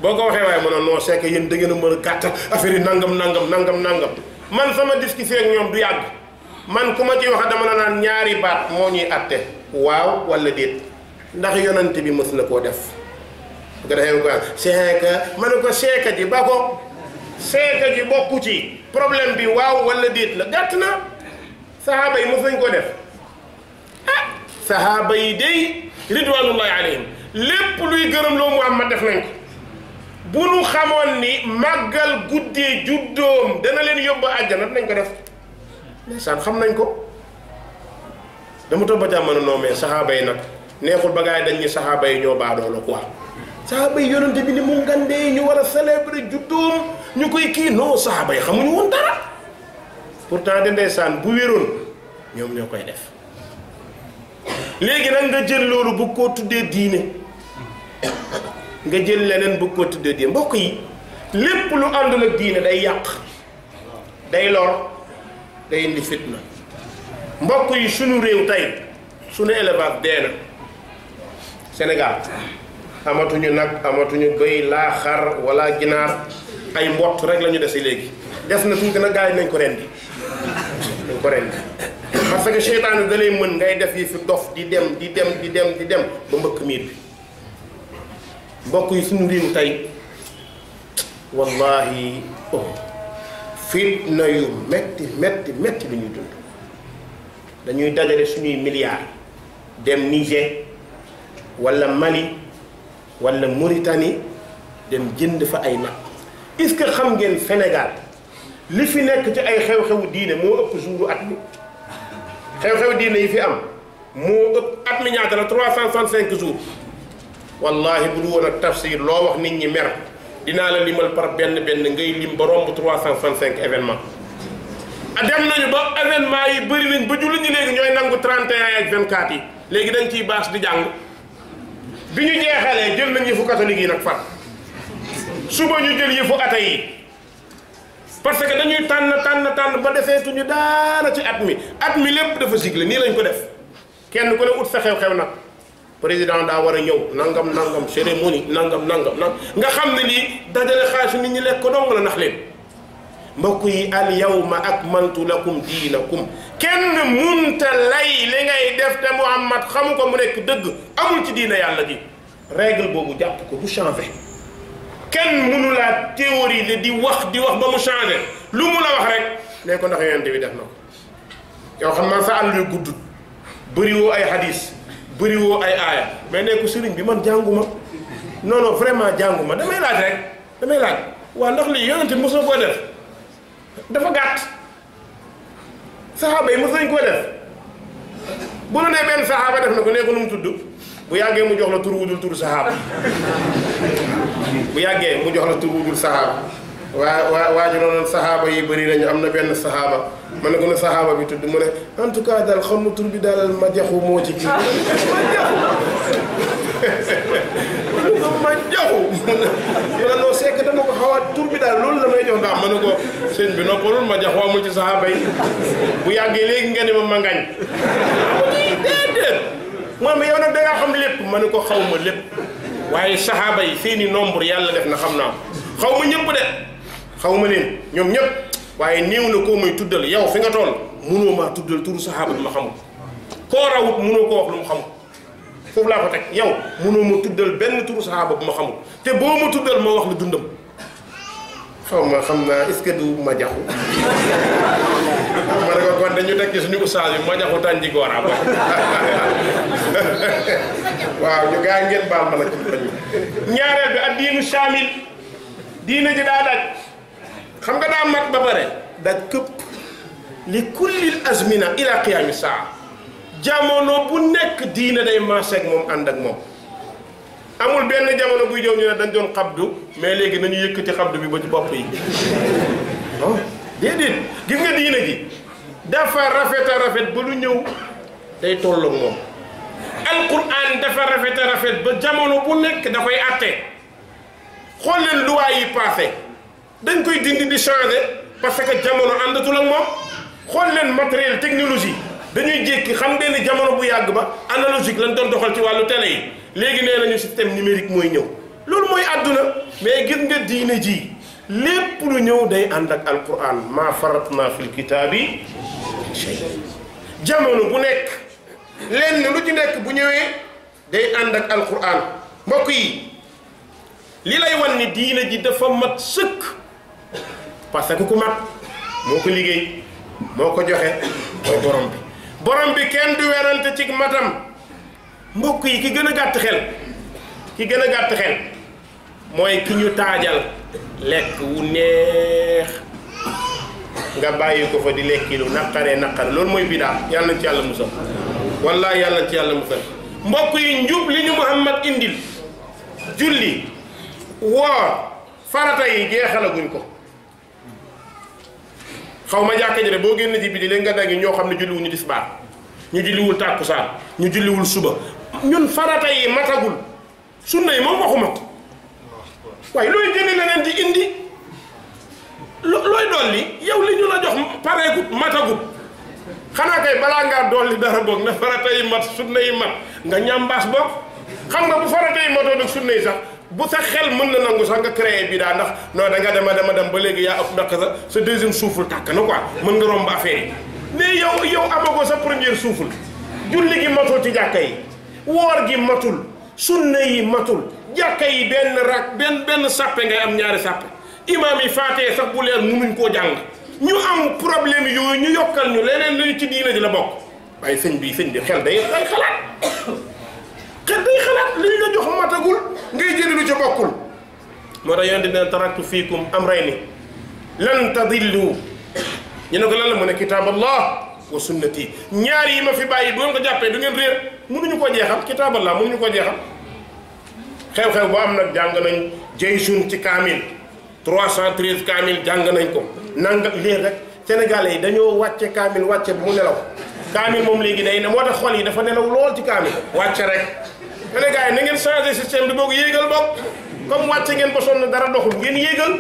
boo ko waxee waaye mënoon noo seek yéen da ngeen a mën a gàttal affaire yi nangam nangam nangam nangam man sama discussion ak ñoom du yàgg. man ku ma ci wax dama la naan ñaari baat moo ñuy àtte waaw wala déet ndax yonante bi mës na koo def bu seeka ma ne ko seeka ji ba ko seeka ji bokku ci problème bi waaw wala déet la gàtt na sahaaba yi mës nañ koo def ah sahaaba yi day ridwanullahi alayhim lépp luy gërëm loo Muhammad def nañ ko bu nu xamoon ni màggal guddee juddoom dana leen yóbbu àjjana nañ ko def ndeysaan xam nañ ko dama toog ba jamono noo mais saxaaba yi nag neexul ba gars dañ ñu saxaaba yi ñoo baadoo la quoi saxaaba yi yonente bi ni mu ngandee ñu war a célébrer juddoom ñu koy kii non saxaaba yi xamuñu woon dara pourtant de ndeysaan bu wéroon ñoom ñoo koy def léegi nag nga jël loolu bu ko tuddee diine nga jël leneen bu ko tuddee diine mbokk yi lépp lu àndul ak diine day yàq day lor. day indi fitna mbokk yi sunu réew tey sunu élevage dee na Sénégal amatuñu nag amatuñu bëy laa xar wala ginaar ay mbott rek la ñu dese léegi def na suñ gën a gars yi nañ ko rendi nañ ko rendi parce que seytaane da lay mën ngay def yi fi dof di dem di dem di dem di dem ba mbëkk miir bi mbokk yi suñu réew tey wallahi oh fitna yu metti metti metti lu ñuy dund dañuy dajale suñuy milliards dem Niger walla Mali walla Mauritanie dem jënd fa ay nag est-ce que xam ngeen Sénégal li fi nekk ci ay xew-xewu diine moo ëpp jouru at mi xew-xew diine yi fi am moo ëpp at mi cent la 365 jours wallahi bu du woon a tafsir loo wax nit ñi mer dinaa la limal par benn benn ngay lim ba romb 365 événement ah, dem nañu ba événement yi bëri nañ ba jullit ñu léegi ñooy nangu 31 ak 24 yi léegi dañ ciy bâche di jàng bi ñu jeexalee jël nañ yëfu catholique yi nag far suba ñu jël yëfu ata yi parce que dañuy tànn tànn tànn ba defee defeetuñu daara ci at mi at mi lépp dafa sigle nii lañ ko def kenn ku ne ut sa xew-xew nag président daa war a ñëw nangam nangam cérémonie nangam nangam nangam nga xam ne lii dajale xaalis nit ñi lekk ko dong la nax leen mbokk yi al yawma mantu lakum diinakum kenn munta lay li ngay def te Muhammad xamu ko mu nekk dëgg amul ci diina yàlla ji règle boobu jàpp ko bu changé kenn mënu laa théorie ne di wax di wax ba mu changé lu mu la wax rek ne ko ndax yonent bi def na ko yow xam man sa àll yu gudd bëriwoo ay hadis bëriwoo ay aaya mais nekku sëriñ bi man jànguma non non vraiment jànguma damay laaj rek damay laaj waaw ndax lii yonente mos na koo def dafa gàtt saxaaba yi mos nañ koo def bu la nee benn saxaaba def na ku nee ko nu mu tudd bu yàggee mu jox la tur wudul tur saxaaba bu yàggee mu jox la tur wudul saxaaba waa waa waa ji noonu saxaaba yi bëri nañu am na benn saxaaba man ne ko ne saxaaba bi tudd mu ne en tout daal xam na tur bi daal ma jaxu moo ci kii ma jaxu ma ne non c'est que dama ko bi daal loolu la may jox ndax ma ne ko sëñ bi noppalul ma jaxu amul ci saxaaba yi bu yàggee léegi nga ne ma ma ngañ déedéet moom yow nag da xam lépp ma ne ko xaw ma lépp waaye saxaaba yi seeni nombre yàlla def na xam naa xaw ma ñëpp de xaw ma leen ñoom ñëpp waaye néew na koo muy tuddal yow fi nga toll mënoo maa tuddal turu saxaaba bi ma xamul koo rawut mënoo koo wax lu mu xamul foofu laa ko teg yow mënoo ma tuddal benn turu saxaaba bu ma xamul te boo ma tuddal ma wax lu dundam xaw ma xam naa est-ce que du ma jaxu ma ne ko kon dañu teg ci suñu bi ma jaxu tànji ba waaw ñu gaa ngeen baal ma la ci ñaareel bi ak diinu saamil diina ji daa xam nga daa mat ba pare da këpp li kullil azmina ila qiyaami saa jamono bu nekk diina day maaseeg moom ànd ak moom amul benn jamono buy ñëw ñu ne dañ doon xabdu mais léegi nañu yëkkati xabdu bi ba bopp yi non déedéet diina gi dafa rafet rafet ba lu ñëw day tolloog moom alquran dafa rafet rafet ba jamono bu nekk da koy àtte xool leen luwaa yi paase dañ koy dindi di changer parce que jamono àndatul ak moom xool leen matériel technologie dañuy jékki xam nga ni jamono bu yàgg ba analogique lañ doon doxal ci wàllu télé yi léegi nee nañu système numérique mooy ñëw loolu mooy àdduna mais gis nga diine ji lépp lu ñëw day ànd ak alquran maa faratna fil kitaabi jamono bu nekk lenn lu ci nekk bu ñëwee day ànd ak alquran mbokk yi li lay wan ni diine ji dafa mat sëkk parce que ku mat moo ko liggéey moo ko joxe mooy borom bi borom bi kenn du werante ci matam mbokk yi ki gën a gàtt xel ki gën a gàtt xel mooy ki ñu taajal lekk wu neex nga bàyyi ko fa di lekki lu naqaree naqar loolu mooy bidaa yàlla nañ ci yàlla musal wallaahi yàlla nañ ci yàlla musal mbokk yi njub li ñu Muhammad indil julli woor farata yi jeexalaguñ ko xaw ma jàkka ji boo génn ji bi di leen nga dangi ñoo xam ne julliwu ñu tisbaar ñu julliwul tàkkusaan ñu julliwul suba ñun farata yi matagul sunna yi moom waxuma ko waaye looy génne leneen di indi looy dolli yow li ñu la jox pareegut matagut xanaa kay balaa ngaa dolli dara boog na farata yi mat sunna yi mat nga ñambaas boog xam nga bu farata yi matoo nag sunna yi sax bu sa xel mën na nangu sax nga créé bii daa ndax non da nga dema dema dem ba léegi yaa ëpp ndaq sa sa deuxième souffle tàkk na ko mën nga romb affaire yi mais yow yow amagoo sa premier souffle julli gi matul ci jàkka yi woor gi matul sunna yi matul jàkka yi benn rak benn benn sàppe ngay am ñaari sàppe imaam yi faatee sa bu leer munuñ koo jàng ñu am problème yooyu ñu yokkal ñu leneen lañu ci diina ji la bokk waaye sëñ bi sëñ bi xel day xalaat xet day xalaat liñ la jox matagul ngay jëli lu ca bokkul moo tax yonente ne taraktu fiikum amrayni lan tadillu ñu ne ko lan la mu ne kitaab allah wa sunnati ñaar yi ma fi bàyyi bu ngeen ko jàppee du ngeen réer mënuñu ko jeexal kitaab allah mënuñu ko jeexal xew-xew boo am nag jàng nañ jaysun ci kaamil 313 kaamil jàng nañ ko nanga léegi rek sénégalais yi dañoo wàcce kaamil wàcce bu mu nelaw kaamil moom léegi day ne moo tax xol yi dafa nelaw lool ci kaamil wàcce rek ma ne gars yi na ngeen changé système bi boog yéegal boog comme wàcce ngeen ba sonn dara doxul ngeen yéegal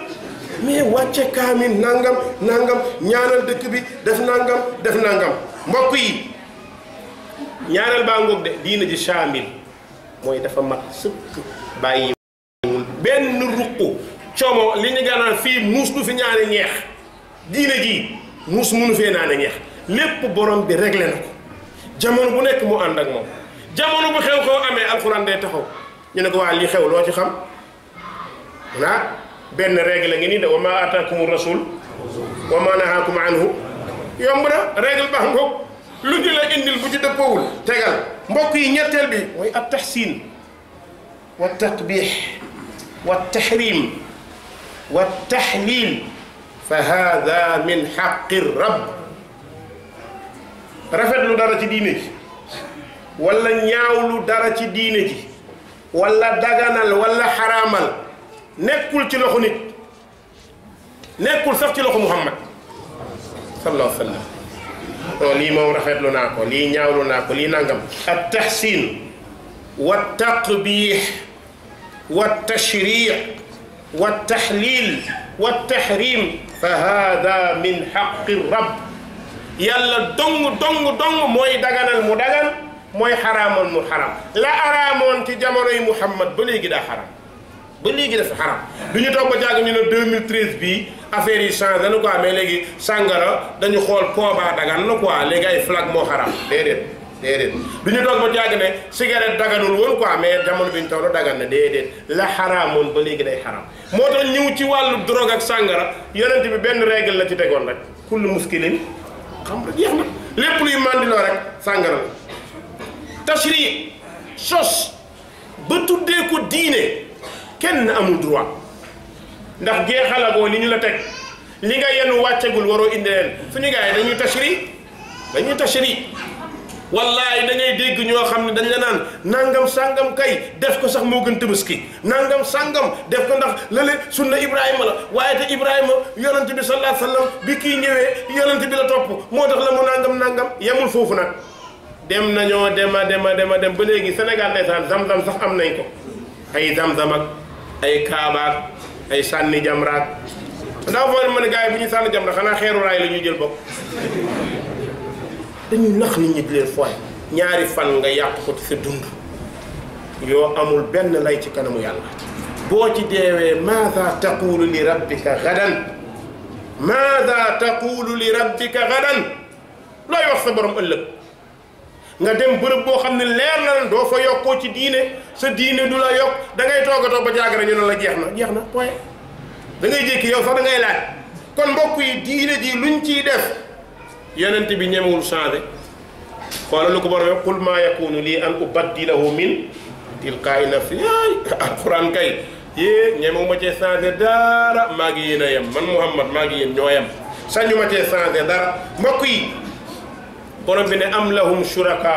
mais wàcce kaamin nangam nangam ñaanal dëkk bi def nangam def nangam mbokk yi ñaanal baa ngoog de diina ji saamil mooy dafa mat sëkk bàyyi benn ruq coomo li ñu gànaan fii muus du fi ñaane ñeex diina ji muus munu fee naane ñeex lépp borom bi réglé na ko jamono bu nekk mu ànd ak moom jamono bu xew koo amee alxuraan day taxaw ñu ne ko waa lii xew loo ci xam ah benn règle ngi nii de wa ma ataakumu rasul wa ma nahaakum anhu yomb na règle baax ngoog lu ñu la indil bu ci dëppoowul tegal mbokk yi ñetteel bi mooy at tahsin wa tatbih wa tahrim wa tahlil fa hada min xaqi rab rafetlu dara ci diine ji walla ñaawlu dara ci diine ji daganal wala xaraamal nekkul ci loxo nit nekkul sax ci loxo muhammad sallallahu alayhi wa sallam non oh, lii moom rafetlu naa ko lii ñaawlu naa ko lii nangam at tahsin wa taqbih wa tashri wa fa hada min xaqi rab yàlla dong dong dong mooy daganal mu dagan mooy xaraamoon mu xaram la araamoon ci jamono jamonoy Muhammad ba léegi daa xaram ba léegi dafa xaram du ñu toog ba jàgg ñu ne 2013 bii affaire yi changé na quoi mais léegi sàngara dañu xool poobaa dagan na quoi léegi ay flag moo xaram déedéet déedéet du ñu toog ba jàgg ne cigarette daganul woon quoi mais jamono bi ñu toll dagan na déedéet la xaraamoon ba léegi day xaram moo tax ñëw ci wàllu drogue ak sàngara yonent bi benn règle la ci tegoon rek kullu muskilin xam nga jeex na lépp luy mandiloo rek sàngara la tashri sos ba tuddee ko diine kenn amul droit ndax jeexalagoo li ñu la teg li nga yenu wàccegul waroo indi leen suñu gars yi dañuy tashri dañuy tashri wallaay da ngay dégg ñoo xam ne dañ la naan nangam sangam kay def ko sax moo gën tabaski nangam sangam def ko ndax lële sunna Ibrahima la waaye te Ibrahima yonent bi sallallahu alayhi wa sallam bi kii ñëwee yonent bi la topp moo tax la mu nangam nangam yemul foofu nag. dem nañoo dema dema dem ba léegi Sénégal ndeysaan zam-zam sax am nañ ko ay zam ay kaabaak ay sànni jamraak ndax foo ma ne gars yi bu ñuy sànni jamra xanaa xeeru raay la ñuy jël bokk dañuy nax nit ñi di leen fooy ñaari fan nga yàq ko dund yoo amul benn lay ci kanamu yàlla boo ci deewee maada taqulu li rabbika gadan maada taqulu li rabbika gadan looy wax sa borom ëllëg nga dem bërëb boo xam ne leer na la doo fa yokkoo ci diine sa diine du la yokk da ngay toog a toog ba jàgg ñu ne la jeex na jeex na point da ngay jékki sax da ngay laaj kon mbokk yi diine ji luñ ciy def yonent bi ñemewul changé xoolal lu ko borom yow qul maa yakunu lii an ubaddilahu min tilqaai nafsi yaay alquran kay yée ñemewuma cee changé dara maa ngi yéen a yem man Muhammad maa ngi yéen ñoo yem sañu ma cee changé dara mbokk yi borom bi ne am lahum shuraka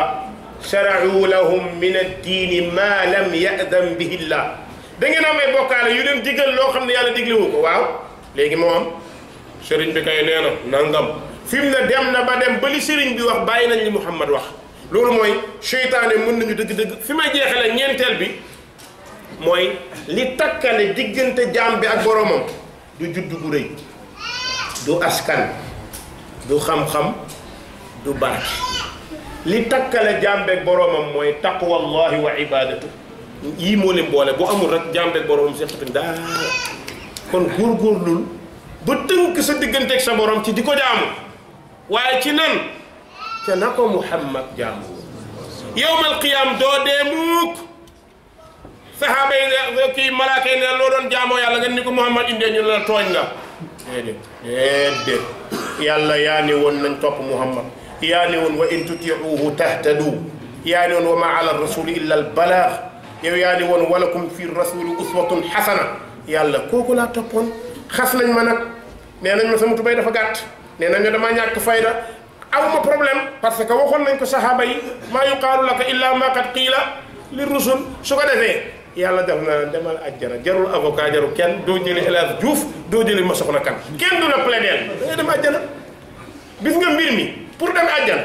shara'u lahum min ad-diini maa lam ya'dan bihi llah da ngeen am ay bokkaale yu leen digal loo xam ne yàlla diglewu ko waaw léegi moom am sëriñ bi kay nee na nangam fi mu ne dem na ba dem ba li sëriñ bi wax bàyyi nañ li Muhammad wax loolu mooy seytaane mën nañu dëgg-dëgg fi may jeexale ñeenteel bi mooy li takkale diggante jaam bi ak boromam du judd gu du askan du xam-xam du barke li takkale jàmbeeg boroomam mooy taqwallahi wa ibadatu yii moo boole bu amul rek jàmbeeg boroomam seqatuñ daal kon góorgóorlul ba tënk sa digganteeg sa borom ci di ko jaamu waaye ci nan te na ko Muhammad jaamu yowmal qiyaam doo dee muuk saxaaba yi kii malaaka yi ne loo doon jaamoo yàlla nga ni ko Muhammad indee la tooñ nga déedéet déedéet yàlla yaa ni woon nañ yaa ne woon wa in tutiuhu tahtadu yaa ne woon wa ma ala rasuli illa al balaax yow yaa ne woon walakum fi rasuli uswatun xasana yàlla kooku laa toppoon xas nañ ma nag nee nañ ma sama tubay dafa gàtt nee nañ ma damaa ñàkk fayda aw ma problème parce que waxoon nañ ko saxaaba yi maa yuqaalu laka illa ma qad qiila li rusul su ko defee yàlla def na demal ajjana jarul avocat jarul kenn doo jëli El Hadj Diouf doo jëli ma soxna kan kenn du la plaider da ngay dem ajjana gis nga mbir mi pour dem àjjana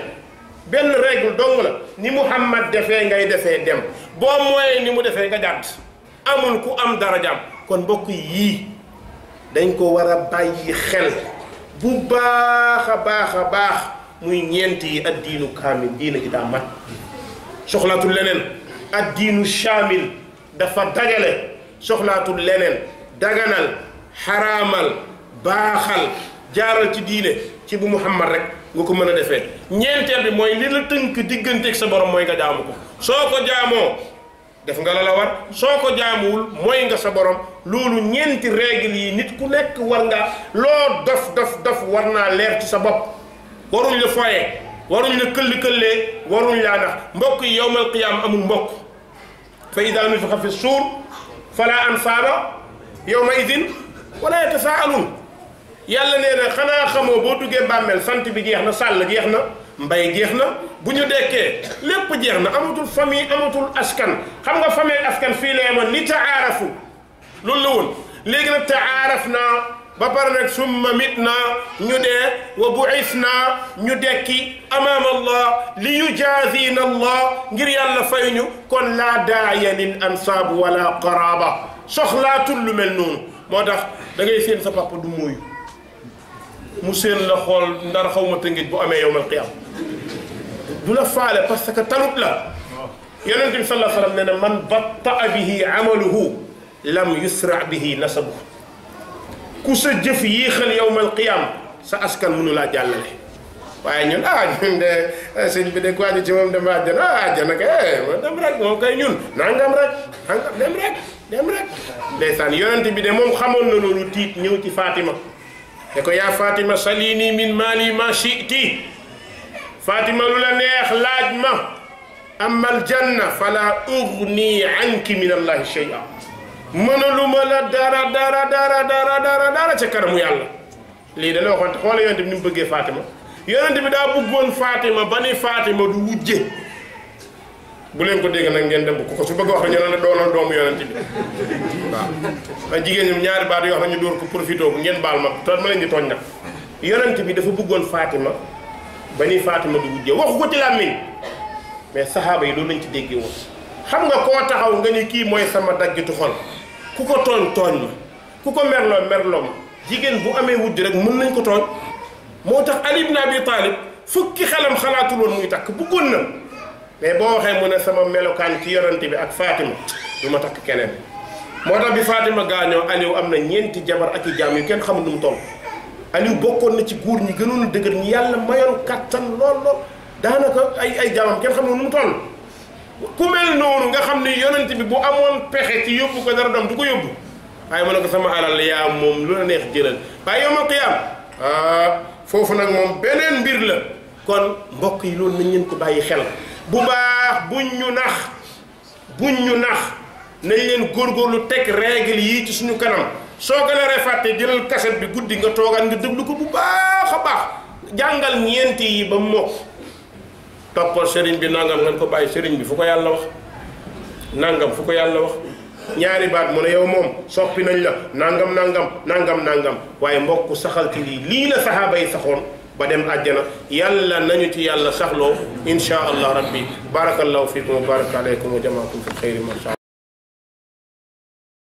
benn règle dong la ni Muhammad defee ngay defee dem boo mooyee ni mu defee nga jàdd amoon ku am darajaam kon bokk yii dañ ko war a bàyyi xel bu baax a baax a baax muy ñeent yi ak diinu kaamil diina ji daa mat soxlaatul leneen ak diinu shaamil dafa dagale soxlaatul leneen daganal xaraamal baaxal jaaral ci diine ci bu muhammad rek nga ko mën a defee ñeenteel bi mooy li la tënk digganteeg sa borom mooy nga jaamu ko soo ko jaamoo def nga la la war soo ko jaamuwul mooy nga sa borom loolu ñeenti règle yi nit ku nekk war nga loo dof dof dof war naa leer ci sa bopp waruñ la foye waruñ la këll këllee waruñ laa nax mbokk yi yowmal qiyaam amul mbokk fa idaa nufixa fi suur fala ansaaba yowma idin wala yatasaaluun yàlla nee na xanaa xamoo boo duggee bàmmeel sant bi jeex na sàll jeex na mbay jeex na bu ñu dekkee lépp jeex na amatul famille amatul askan xam nga famille askan fii la yemoon ni taarafu loolu la woon léegi nag taaraf naa ba pare nag summa mit naa ñu ne wa buis na ñu dekki amaam allah li yujaazina allah ngir yàlla fay ñu kon laa daaya lil ansaab wala qaraaba soxlaatul lu mel noonu moo tax da ngay seen sa papa du mooyu mu séen la xool ndar xaw ma tëngéej bu amee yowmal qiyaam du la faale parce que talut la yonent bi sallallahu alayhi wa sallam nee na man battaa bihi amaluhu lam yusra bihi nasabuhu ku sa jëf yéexal yowmal qiyaam sa askan mënu laa jàllale waaye ñun ah ñun de eh, sëñ bi de ku aju ci moom dem àjjana ah àjjana kay eh, dem rek moom kay ñun nangam rek nangam dem rek dem rek ndeysaan yonent bi de moom xamoon na loolu tiit ñëw ci Fatima ne ko yaa Fatima salini min maali ma shiti Fatima lu la neex laaj ma amma aljanna fala ugni anki min allahi shay'a mënaluma la dara dara dara dara dara dara ca kanamu yàlla lii da la waxoon xoola yonent bi ni mu bëggee Fatima yonent bi daa bëggoon Fatima ba ni Fatima du wujje bu leen ko dégg nag ngeen dem bu ko su bëgg wax na ñu ne la doonal doomu yonent bi waaw. ndax jigéen ñi ñaari baat yoo xam ne ñu dóor ko profité bu ngeen baal ma te ma leen di tooñ nag yonent bi dafa bëggoon Fatima ba ni Fatima di wujjee waxu ko ci làmmiñ mais saxaaba yi loolu lañ ci déggee woon xam nga koo taxaw nga ni kii mooy sama daggitu xol ku ko tooñ tooñ la ku ko merloo merloom jigéen bu amee wut wujj rek mën nañ ko tooñ moo tax Ali ibn Abi Talib fukki xelam xalaatul muy takk bëggoon na. mais boo waxee mu ne sama melokaan ci yorante bi ak Fatima du ma takk keneen moo tax bi Fatima gaañoo Aliou am na ñeenti jabar ak i jaam yu kenn xamul nu mu toll Aliou bokkoon na ci góor ñi gënoon a dëgër ñi yàlla mayoon kattan lool lool daanaka ay ay jaamam kenn xamul nu mu toll ku mel noonu nga xam ne yonent bi bu amoon pexe ci yóbbu ko dara doom du ko yóbbu waaye mu ne ko sama alal yaa moom lu la neex jëlal waaye yow ma qiyaam ah foofu nag moom beneen mbir la kon mbokk yi loolu nañ leen ko bàyyi xel bu baax buñ ñu nax buñ ñu nax nañ leen lu teg règle yi ci suñu kanam soo gën a refatte jëlal kaset bi guddi nga toogaan nga lu ko bu baax a baax jàngal ñeenti yi ba mokk toppal sëriñ bi nangam nga ko bàyyi sëriñ bi fu ko yàlla wax nangam fu ko yàlla wax ñaari baat mu ne yow moom soppi nañ la nangam nangam nangam nangam waaye mbokk saxal ci lii lii la saxaaba yi saxoon ba dem àjjana yàlla nañu ci yàlla saxloo insha allah rabbi barakallahu fikum wa baraka aleykum wa jamaakum fi xayri man